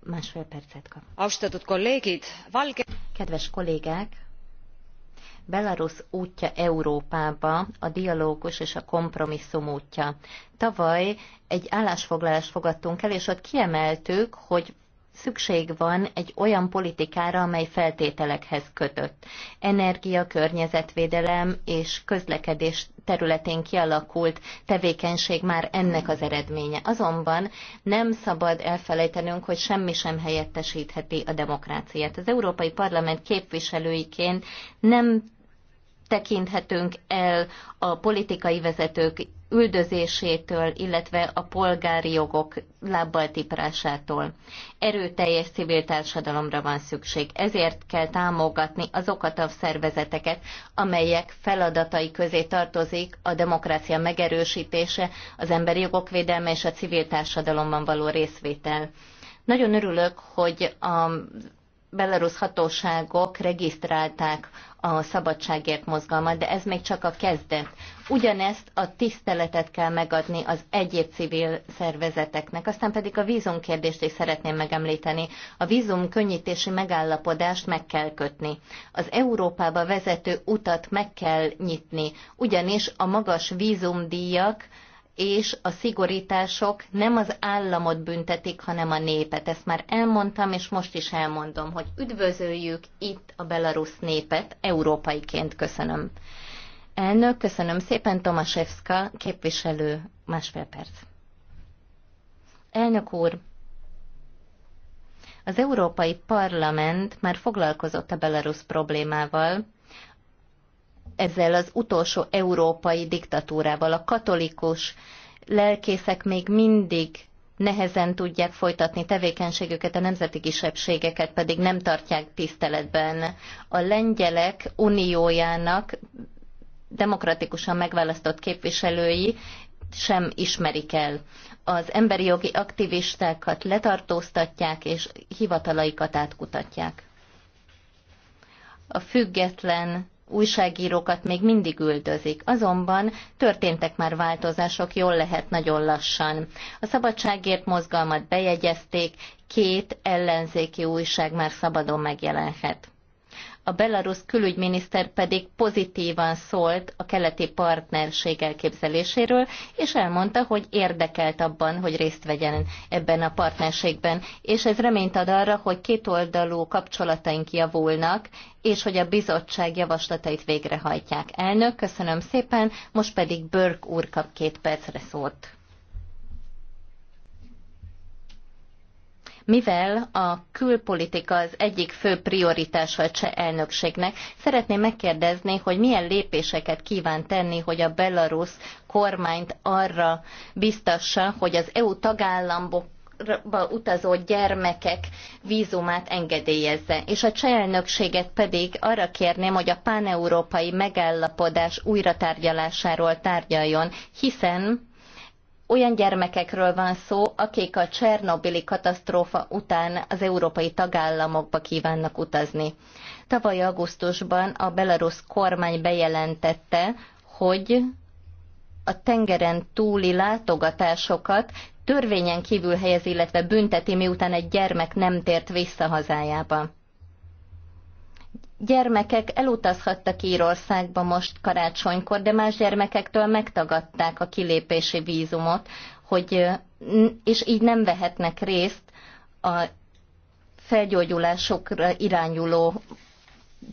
másfél percet kap. Austatud kollégid, valge... Kedves kollégák, Belarus útja Európába a dialógus és a kompromisszum útja. Tavaly egy állásfoglalást fogadtunk el, és ott kiemeltük, hogy szükség van egy olyan politikára, amely feltételekhez kötött. Energia, környezetvédelem és közlekedés területén kialakult tevékenység már ennek az eredménye. Azonban nem szabad elfelejtenünk, hogy semmi sem helyettesítheti a demokráciát. Az Európai Parlament képviselőiként nem tekinthetünk el a politikai vezetők üldözésétől, illetve a polgári jogok lábbal tiprásától. Erőteljes civil társadalomra van szükség. Ezért kell támogatni azokat a szervezeteket, amelyek feladatai közé tartozik a demokrácia megerősítése, az emberi jogok védelme és a civil társadalomban való részvétel. Nagyon örülök, hogy a belarusz hatóságok regisztrálták a szabadságért mozgalmat, de ez még csak a kezdet. Ugyanezt a tiszteletet kell megadni az egyéb civil szervezeteknek. Aztán pedig a kérdést is szeretném megemlíteni. A vízum könnyítési megállapodást meg kell kötni. Az Európába vezető utat meg kell nyitni, ugyanis a magas vízumdíjak és a szigorítások nem az államot büntetik, hanem a népet. Ezt már elmondtam, és most is elmondom, hogy üdvözöljük itt a belarusz népet európaiként. Köszönöm. Elnök, köszönöm szépen, Tomaszewska, képviselő, másfél perc. Elnök úr, az Európai Parlament már foglalkozott a belarusz problémával, ezzel az utolsó európai diktatúrával. A katolikus lelkészek még mindig nehezen tudják folytatni tevékenységüket, a nemzeti kisebbségeket pedig nem tartják tiszteletben. A lengyelek uniójának demokratikusan megválasztott képviselői sem ismerik el. Az emberi jogi aktivistákat letartóztatják és hivatalaikat átkutatják. A független újságírókat még mindig üldözik. Azonban történtek már változások, jól lehet nagyon lassan. A szabadságért mozgalmat bejegyezték, két ellenzéki újság már szabadon megjelenhet a belarusz külügyminiszter pedig pozitívan szólt a keleti partnerség elképzeléséről, és elmondta, hogy érdekelt abban, hogy részt vegyen ebben a partnerségben. És ez reményt ad arra, hogy kétoldalú kapcsolataink javulnak, és hogy a bizottság javaslatait végrehajtják. Elnök, köszönöm szépen, most pedig Börk úr kap két percre szót. mivel a külpolitika az egyik fő prioritása a cseh elnökségnek, szeretném megkérdezni, hogy milyen lépéseket kíván tenni, hogy a belarusz kormányt arra biztassa, hogy az EU tagállamok utazó gyermekek vízumát engedélyezze. És a cseh elnökséget pedig arra kérném, hogy a páneurópai megállapodás újratárgyalásáról tárgyaljon, hiszen olyan gyermekekről van szó, akik a Csernobili katasztrófa után az európai tagállamokba kívánnak utazni. Tavaly augusztusban a belarusz kormány bejelentette, hogy a tengeren túli látogatásokat törvényen kívül helyez, illetve bünteti, miután egy gyermek nem tért vissza hazájába gyermekek elutazhattak Írországba most karácsonykor, de más gyermekektől megtagadták a kilépési vízumot, hogy, és így nem vehetnek részt a felgyógyulásokra irányuló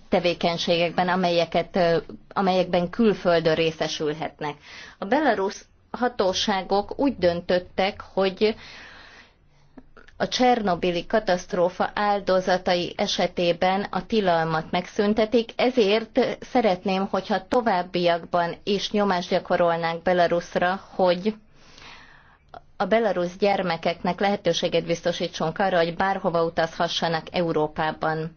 tevékenységekben, amelyeket, amelyekben külföldön részesülhetnek. A belarusz hatóságok úgy döntöttek, hogy a Csernobili katasztrófa áldozatai esetében a tilalmat megszüntetik, ezért szeretném, hogyha továbbiakban is nyomást gyakorolnánk Belarusra, hogy a belarusz gyermekeknek lehetőséget biztosítsunk arra, hogy bárhova utazhassanak Európában.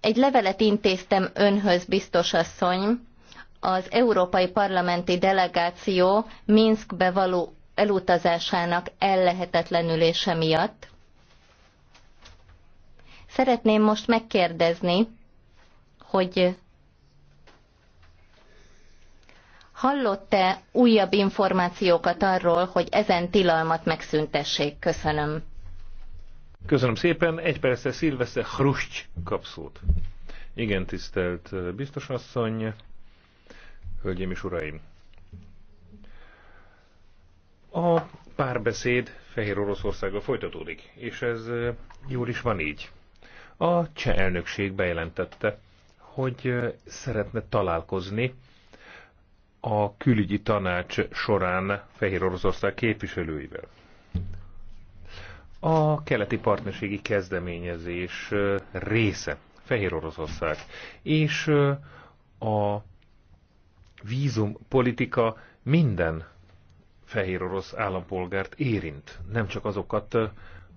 Egy levelet intéztem önhöz, biztos asszony, az Európai Parlamenti Delegáció Minskbe való elutazásának ellehetetlenülése miatt. Szeretném most megkérdezni, hogy hallott-e újabb információkat arról, hogy ezen tilalmat megszüntessék? Köszönöm. Köszönöm szépen. Egy percre Szilveszter Hruscs kapszót. Igen, tisztelt eh, biztosasszony, hölgyeim és uraim. A párbeszéd Fehér Oroszországgal folytatódik, és ez jól is van így. A cseh elnökség bejelentette, hogy szeretne találkozni a külügyi tanács során Fehér Oroszország képviselőivel. A keleti partnerségi kezdeményezés része Fehér Oroszország, és a vízumpolitika minden fehér orosz állampolgárt érint, nem csak azokat,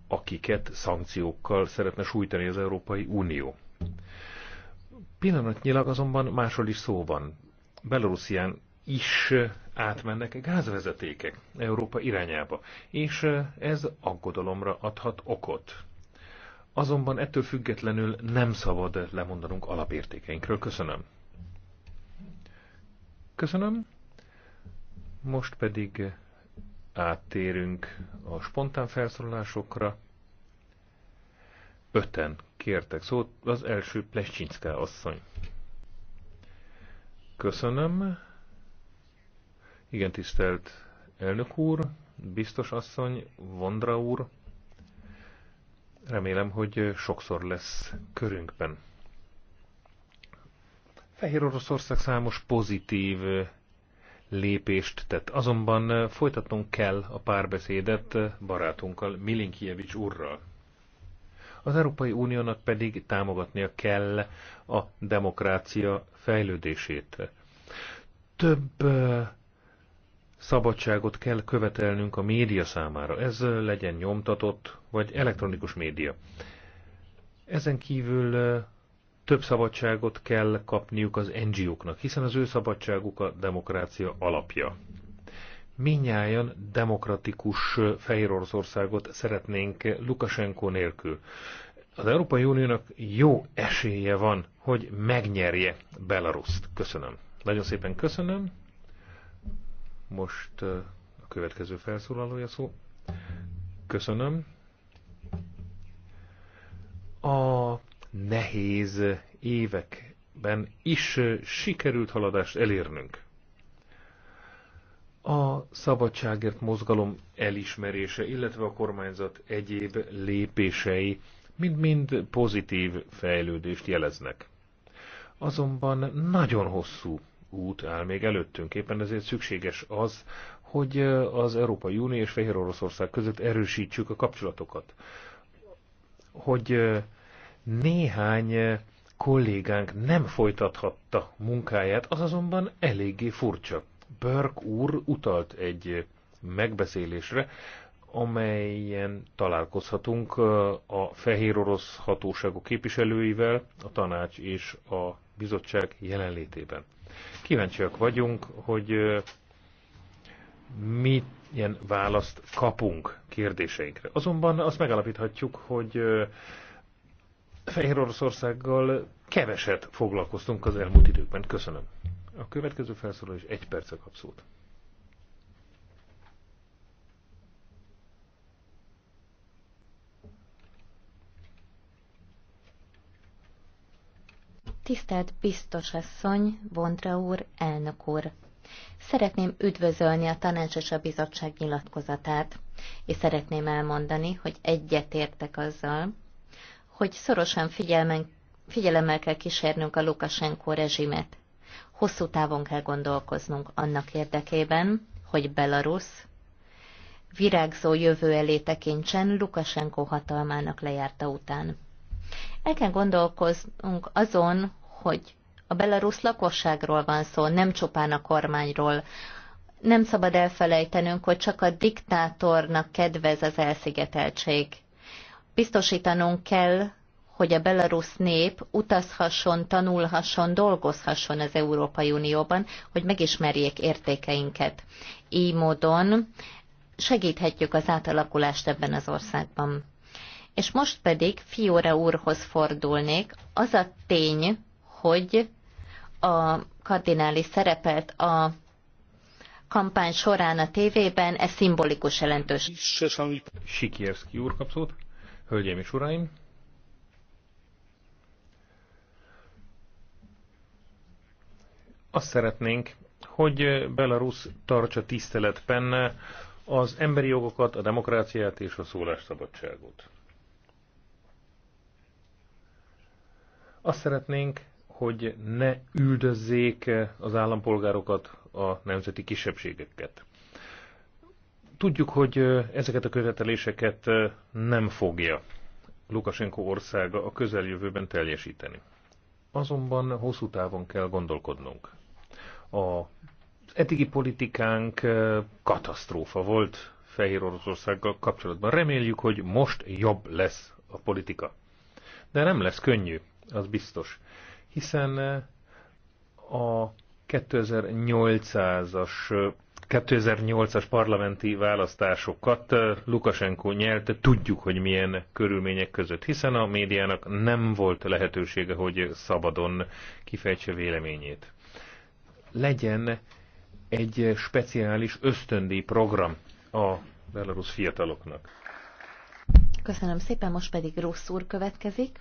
akiket szankciókkal szeretne sújtani az Európai Unió. Pillanatnyilag azonban máshol is szó van. Belorusszián is átmennek gázvezetékek Európa irányába, és ez aggodalomra adhat okot. Azonban ettől függetlenül nem szabad lemondanunk alapértékeinkről. Köszönöm. Köszönöm. Most pedig áttérünk a spontán felszólalásokra. Öten kértek szót, az első Plescsincká asszony. Köszönöm. Igen, tisztelt elnök úr, biztos asszony, Vondra úr. Remélem, hogy sokszor lesz körünkben. Fehér Oroszország számos pozitív lépést tett. Azonban folytatnunk kell a párbeszédet barátunkkal, Milinkievics úrral. Az Európai Uniónak pedig támogatnia kell a demokrácia fejlődését. Több szabadságot kell követelnünk a média számára. Ez legyen nyomtatott, vagy elektronikus média. Ezen kívül több szabadságot kell kapniuk az NGO-knak, hiszen az ő szabadságuk a demokrácia alapja. Minnyáján demokratikus Fehér Oroszországot szeretnénk Lukasenko nélkül. Az Európai Uniónak jó esélye van, hogy megnyerje Belaruszt. Köszönöm. Nagyon szépen köszönöm. Most uh, a következő felszólalója szó. Köszönöm. A nehéz években is sikerült haladást elérnünk. A szabadságért mozgalom elismerése, illetve a kormányzat egyéb lépései mind-mind pozitív fejlődést jeleznek. Azonban nagyon hosszú út áll még előttünk, éppen ezért szükséges az, hogy az Európai Unió és Fehér Oroszország között erősítsük a kapcsolatokat. Hogy néhány eh, kollégánk nem folytathatta munkáját, az azonban eléggé furcsa. Burke úr utalt egy eh, megbeszélésre, amelyen találkozhatunk eh, a fehér orosz hatóságok képviselőivel, a tanács és a bizottság jelenlétében. Kíváncsiak vagyunk, hogy milyen választ kapunk kérdéseinkre. Azonban azt megalapíthatjuk, hogy Fehér Oroszországgal keveset foglalkoztunk az elmúlt időkben. Köszönöm. A következő felszólaló is egy perce kap szót. Tisztelt biztos asszony, Bondra úr, elnök úr! Szeretném üdvözölni a tanács és a bizottság nyilatkozatát, és szeretném elmondani, hogy egyetértek azzal, hogy szorosan figyelmen, figyelemmel kell kísérnünk a Lukasenko rezsimet. Hosszú távon kell gondolkoznunk annak érdekében, hogy Belarus virágzó jövő elé tekintsen Lukasenko hatalmának lejárta után. El kell gondolkoznunk azon, hogy a belarusz lakosságról van szó, nem csupán a kormányról. Nem szabad elfelejtenünk, hogy csak a diktátornak kedvez az elszigeteltség. Biztosítanunk kell, hogy a belarusz nép utazhasson, tanulhasson, dolgozhasson az Európai Unióban, hogy megismerjék értékeinket. Így módon segíthetjük az átalakulást ebben az országban. És most pedig Fiora úrhoz fordulnék. Az a tény, hogy a kardinális szerepelt a kampány során a tévében, ez szimbolikus jelentős. Sikierszki úr Hölgyeim és Uraim! Azt szeretnénk, hogy Belarus tartsa tiszteletben az emberi jogokat, a demokráciát és a szólásszabadságot. Azt szeretnénk, hogy ne üldözzék az állampolgárokat, a nemzeti kisebbségeket. Tudjuk, hogy ezeket a követeléseket nem fogja Lukasenko országa a közeljövőben teljesíteni. Azonban hosszú távon kell gondolkodnunk. A etiki politikánk katasztrófa volt Fehér Oroszországgal kapcsolatban. Reméljük, hogy most jobb lesz a politika. De nem lesz könnyű, az biztos. Hiszen a 2800-as 2008-as parlamenti választásokat eh, Lukasenko nyert, tudjuk, hogy milyen körülmények között, hiszen a médiának nem volt lehetősége, hogy szabadon kifejtse véleményét. Legyen egy speciális ösztöndi program a belarusz fiataloknak. Köszönöm szépen, most pedig Rossz úr következik.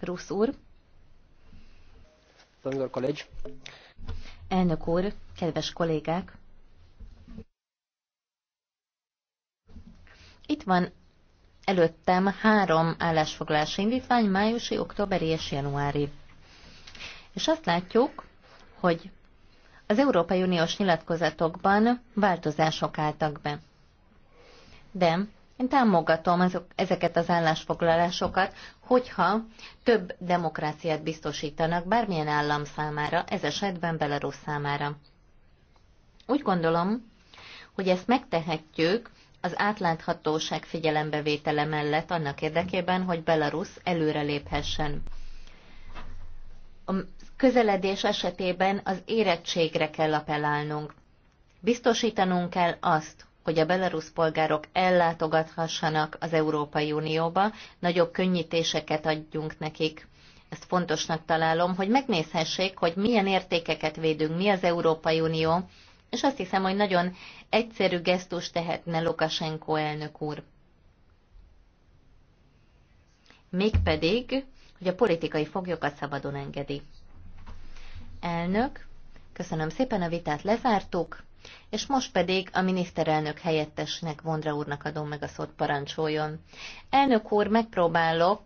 Rossz úr. Elnök úr, kedves kollégák! Itt van előttem három állásfoglalási indítvány, májusi, októberi és januári. És azt látjuk, hogy az Európai Uniós nyilatkozatokban változások álltak be. De én támogatom azok, ezeket az állásfoglalásokat, hogyha több demokráciát biztosítanak bármilyen állam számára, ez esetben Belarus számára. Úgy gondolom, hogy ezt megtehetjük az átláthatóság figyelembevétele mellett annak érdekében, hogy Belarus előreléphessen. A közeledés esetében az érettségre kell apelálnunk. Biztosítanunk kell azt, hogy a belarusz polgárok ellátogathassanak az Európai Unióba, nagyobb könnyítéseket adjunk nekik. Ezt fontosnak találom, hogy megnézhessék, hogy milyen értékeket védünk mi az Európai Unió, és azt hiszem, hogy nagyon egyszerű gesztus tehetne Lukasenko elnök úr. Mégpedig, hogy a politikai foglyokat szabadon engedi. Elnök, köszönöm szépen, a vitát lezártuk, és most pedig a miniszterelnök helyettesnek, Vondra úrnak adom meg a szót, parancsoljon. Elnök úr, megpróbálok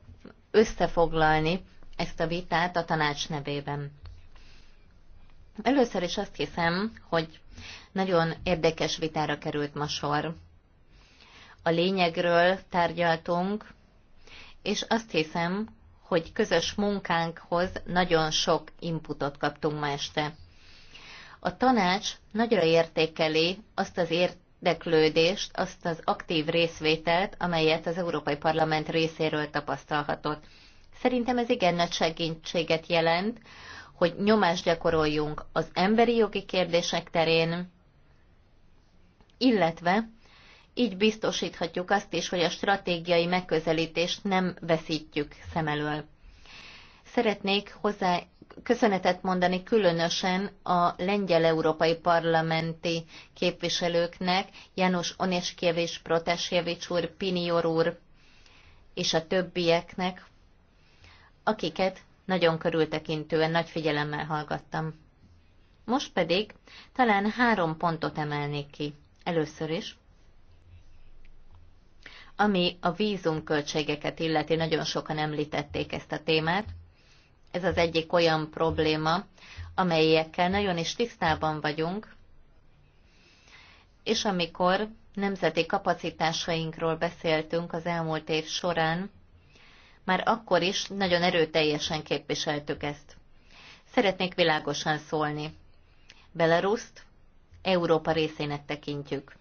összefoglalni ezt a vitát a tanács nevében. Először is azt hiszem, hogy nagyon érdekes vitára került ma sor. A lényegről tárgyaltunk, és azt hiszem, hogy közös munkánkhoz nagyon sok inputot kaptunk ma este. A tanács nagyra értékeli azt az érdeklődést, azt az aktív részvételt, amelyet az Európai Parlament részéről tapasztalhatott. Szerintem ez igen nagy segítséget jelent, hogy nyomást gyakoroljunk az emberi jogi kérdések terén, illetve így biztosíthatjuk azt is, hogy a stratégiai megközelítést nem veszítjük szem elől. Szeretnék hozzá köszönetet mondani különösen a lengyel európai parlamenti képviselőknek, Janusz Oneskevics, Protasjevics úr, Pinior úr és a többieknek, akiket nagyon körültekintően nagy figyelemmel hallgattam. Most pedig talán három pontot emelnék ki. Először is, ami a vízumköltségeket illeti, nagyon sokan említették ezt a témát. Ez az egyik olyan probléma, amelyekkel nagyon is tisztában vagyunk, és amikor nemzeti kapacitásainkról beszéltünk az elmúlt év során, már akkor is nagyon erőteljesen képviseltük ezt. Szeretnék világosan szólni. Belaruszt Európa részének tekintjük.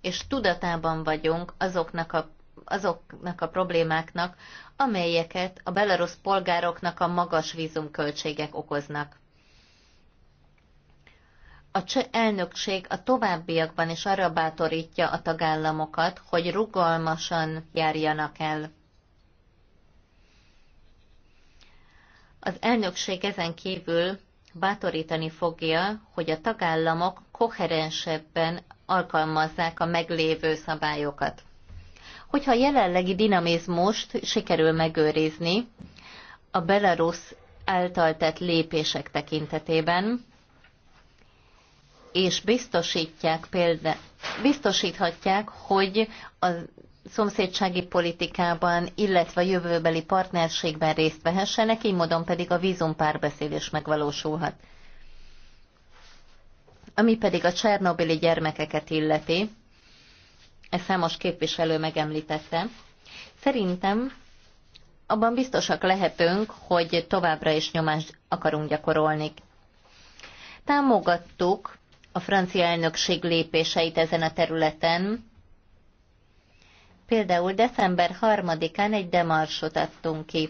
És tudatában vagyunk azoknak a, azoknak a problémáknak, amelyeket a belarusz polgároknak a magas vízumköltségek okoznak. A cseh elnökség a továbbiakban is arra bátorítja a tagállamokat, hogy rugalmasan járjanak el. Az elnökség ezen kívül bátorítani fogja, hogy a tagállamok koherensebben alkalmazzák a meglévő szabályokat. Hogyha a jelenlegi dinamizmust sikerül megőrizni a Belarus által tett lépések tekintetében, és biztosítják példa, biztosíthatják, hogy az szomszédsági politikában, illetve a jövőbeli partnerségben részt vehessenek, így módon pedig a vízum párbeszéd is megvalósulhat. Ami pedig a csernobili gyermekeket illeti, ezt számos képviselő megemlítette, szerintem abban biztosak lehetünk, hogy továbbra is nyomást akarunk gyakorolni. Támogattuk a francia elnökség lépéseit ezen a területen, Például december 3-án egy demarsot adtunk ki.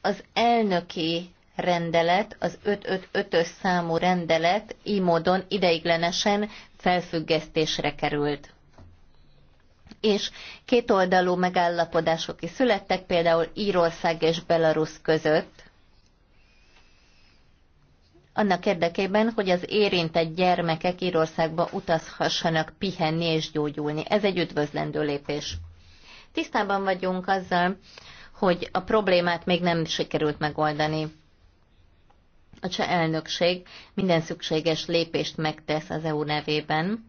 Az elnöki rendelet, az 555-ös számú rendelet így módon ideiglenesen felfüggesztésre került. És kétoldalú megállapodások is születtek, például Írország és Belarus között, annak érdekében, hogy az érintett gyermekek Írországba utazhassanak pihenni és gyógyulni. Ez egy üdvözlendő lépés. Tisztában vagyunk azzal, hogy a problémát még nem sikerült megoldani. A cseh elnökség minden szükséges lépést megtesz az EU nevében,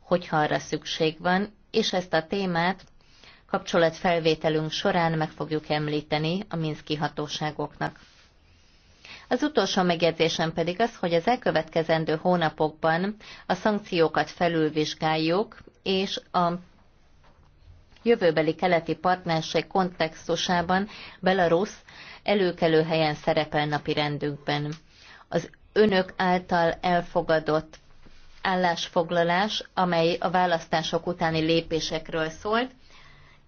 hogyha arra szükség van, és ezt a témát kapcsolatfelvételünk során meg fogjuk említeni a Minszki hatóságoknak. Az utolsó megjegyzésem pedig az, hogy az elkövetkezendő hónapokban a szankciókat felülvizsgáljuk, és a jövőbeli keleti partnerség kontextusában Belarus előkelő helyen szerepel napi rendünkben. Az önök által elfogadott állásfoglalás, amely a választások utáni lépésekről szólt,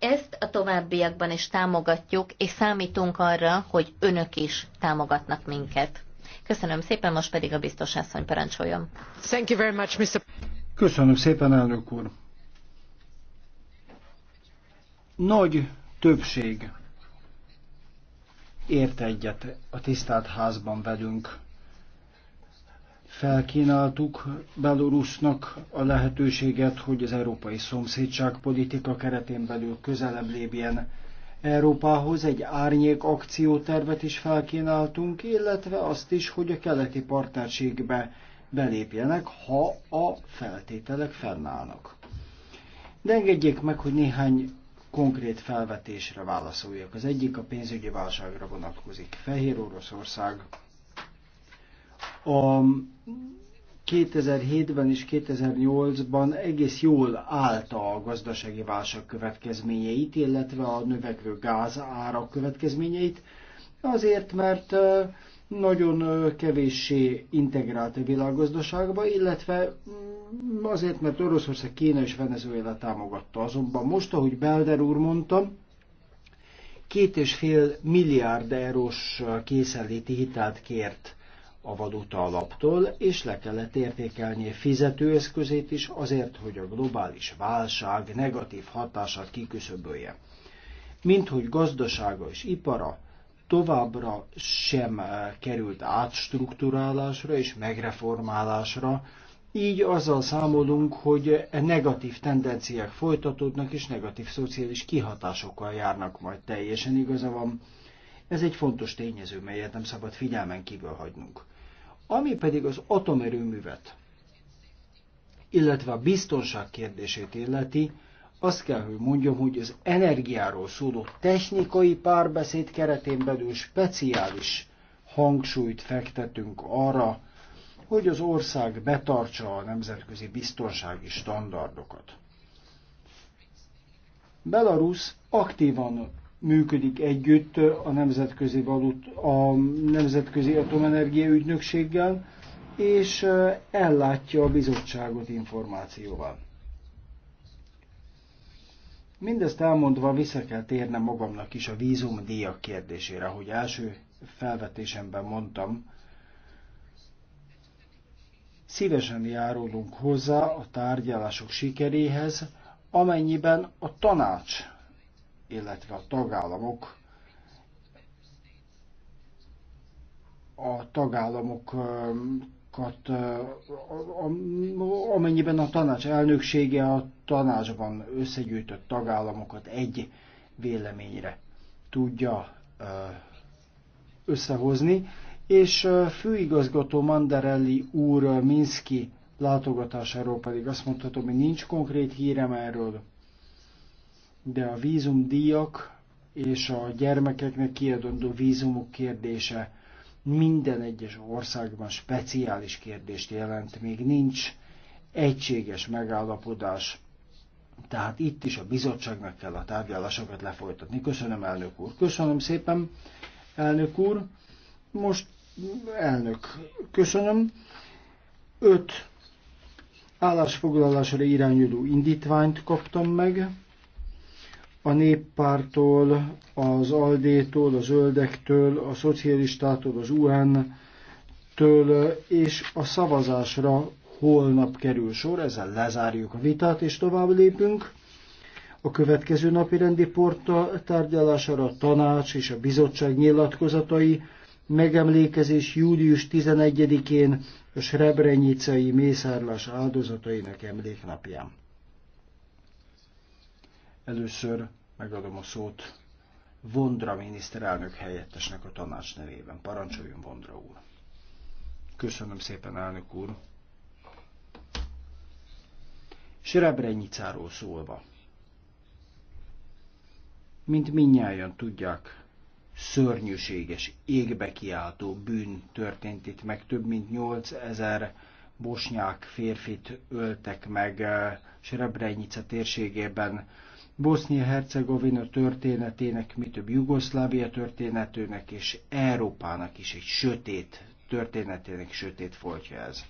ezt a továbbiakban is támogatjuk, és számítunk arra, hogy önök is támogatnak minket. Köszönöm szépen, most pedig a biztos asszony parancsoljon. Thank you very much, Mr. Köszönöm szépen, elnök úr. Nagy többség ért egyet a tisztelt házban velünk Felkínáltuk Belarusnak a lehetőséget, hogy az európai szomszédság politika keretén belül közelebb lépjen Európához egy árnyék akciótervet is felkínáltunk, illetve azt is, hogy a keleti partnerségbe belépjenek, ha a feltételek fennállnak. De engedjék meg, hogy néhány konkrét felvetésre válaszoljak. Az egyik a pénzügyi válságra vonatkozik. Fehér Oroszország a 2007-ben és 2008-ban egész jól állt a gazdasági válság következményeit, illetve a növekvő gáz ára következményeit, azért mert nagyon kevéssé integrált a világgazdaságba, illetve mm, azért, mert Oroszország, Kína és Venezuela támogatta. Azonban most, ahogy Belder úr mondta, két és fél milliárd eurós készenléti hitelt kért a valuta alaptól, és le kellett értékelni fizetőeszközét is azért, hogy a globális válság negatív hatását kiküszöbölje. Mint hogy gazdasága és ipara továbbra sem eh, került átstruktúrálásra és megreformálásra, így azzal számolunk, hogy e negatív tendenciák folytatódnak, és negatív szociális kihatásokkal járnak majd teljesen igaza van. Ez egy fontos tényező, melyet nem szabad figyelmen kívül hagynunk. Ami pedig az atomerőművet, illetve a biztonság kérdését illeti, azt kell, hogy mondjam, hogy az energiáról szóló technikai párbeszéd keretén belül speciális hangsúlyt fektetünk arra, hogy az ország betartsa a nemzetközi biztonsági standardokat. Belarus aktívan működik együtt a Nemzetközi, Valut, a Nemzetközi Atomenergia Ügynökséggel, és ellátja a bizottságot információval. Mindezt elmondva vissza kell térnem magamnak is a vízum díjak kérdésére, hogy első felvetésemben mondtam, szívesen járulunk hozzá a tárgyalások sikeréhez, amennyiben a tanács illetve a tagállamok a tagállamokat, amennyiben a tanács elnöksége a tanácsban összegyűjtött tagállamokat egy véleményre tudja összehozni, és főigazgató Mandarelli úr Minszki látogatásáról pedig azt mondhatom, hogy nincs konkrét hírem erről, de a vízumdíjak és a gyermekeknek kiadandó vízumok kérdése minden egyes országban speciális kérdést jelent, még nincs egységes megállapodás. Tehát itt is a bizottságnak kell a tárgyalásokat lefolytatni. Köszönöm, elnök úr. Köszönöm szépen, elnök úr. Most elnök, köszönöm. Öt állásfoglalásra irányuló indítványt kaptam meg a néppártól, az Aldétól, az Zöldektől, a Szocialistától, az UN-től, és a szavazásra holnap kerül sor, ezzel lezárjuk a vitát, és tovább lépünk. A következő napi rendi porta tárgyalására a tanács és a bizottság nyilatkozatai megemlékezés július 11-én a Srebrenyicei mészárlás áldozatainak emléknapján. Először megadom a szót Vondra miniszterelnök helyettesnek a tanács nevében. Parancsoljon Vondra úr. Köszönöm szépen, elnök úr. Srebrenicáról szólva. Mint minnyáján tudják, szörnyűséges, égbe kiáltó bűn történt itt meg. Több mint 8000 bosnyák férfit öltek meg eh, Srebrenica térségében Bosznia-Hercegovina történetének, mi több Jugoszlávia történetének és Európának is egy sötét történetének sötét foltja ez.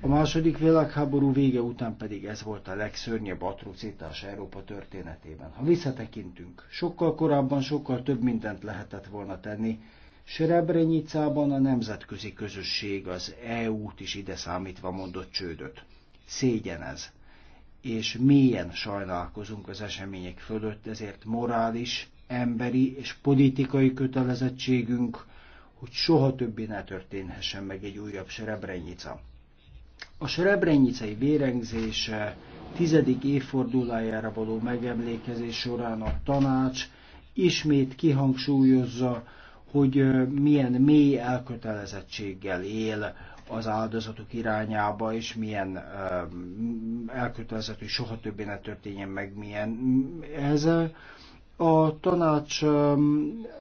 A második világháború vége után pedig ez volt a legszörnyebb atrocitás Európa történetében. Ha visszatekintünk, sokkal korábban sokkal több mindent lehetett volna tenni, Serebrenyicában a nemzetközi közösség az EU-t is ide számítva mondott csődöt. Szégyen ez és mélyen sajnálkozunk az események fölött, ezért morális, emberi és politikai kötelezettségünk, hogy soha többé ne történhessen meg egy újabb Srebrenica. A Srebrenicai vérengzése tizedik évfordulájára való megemlékezés során a tanács ismét kihangsúlyozza, hogy milyen mély elkötelezettséggel él az áldozatok irányába, és milyen elkötelezett, hogy soha többé ne történjen meg milyen. Ez a tanács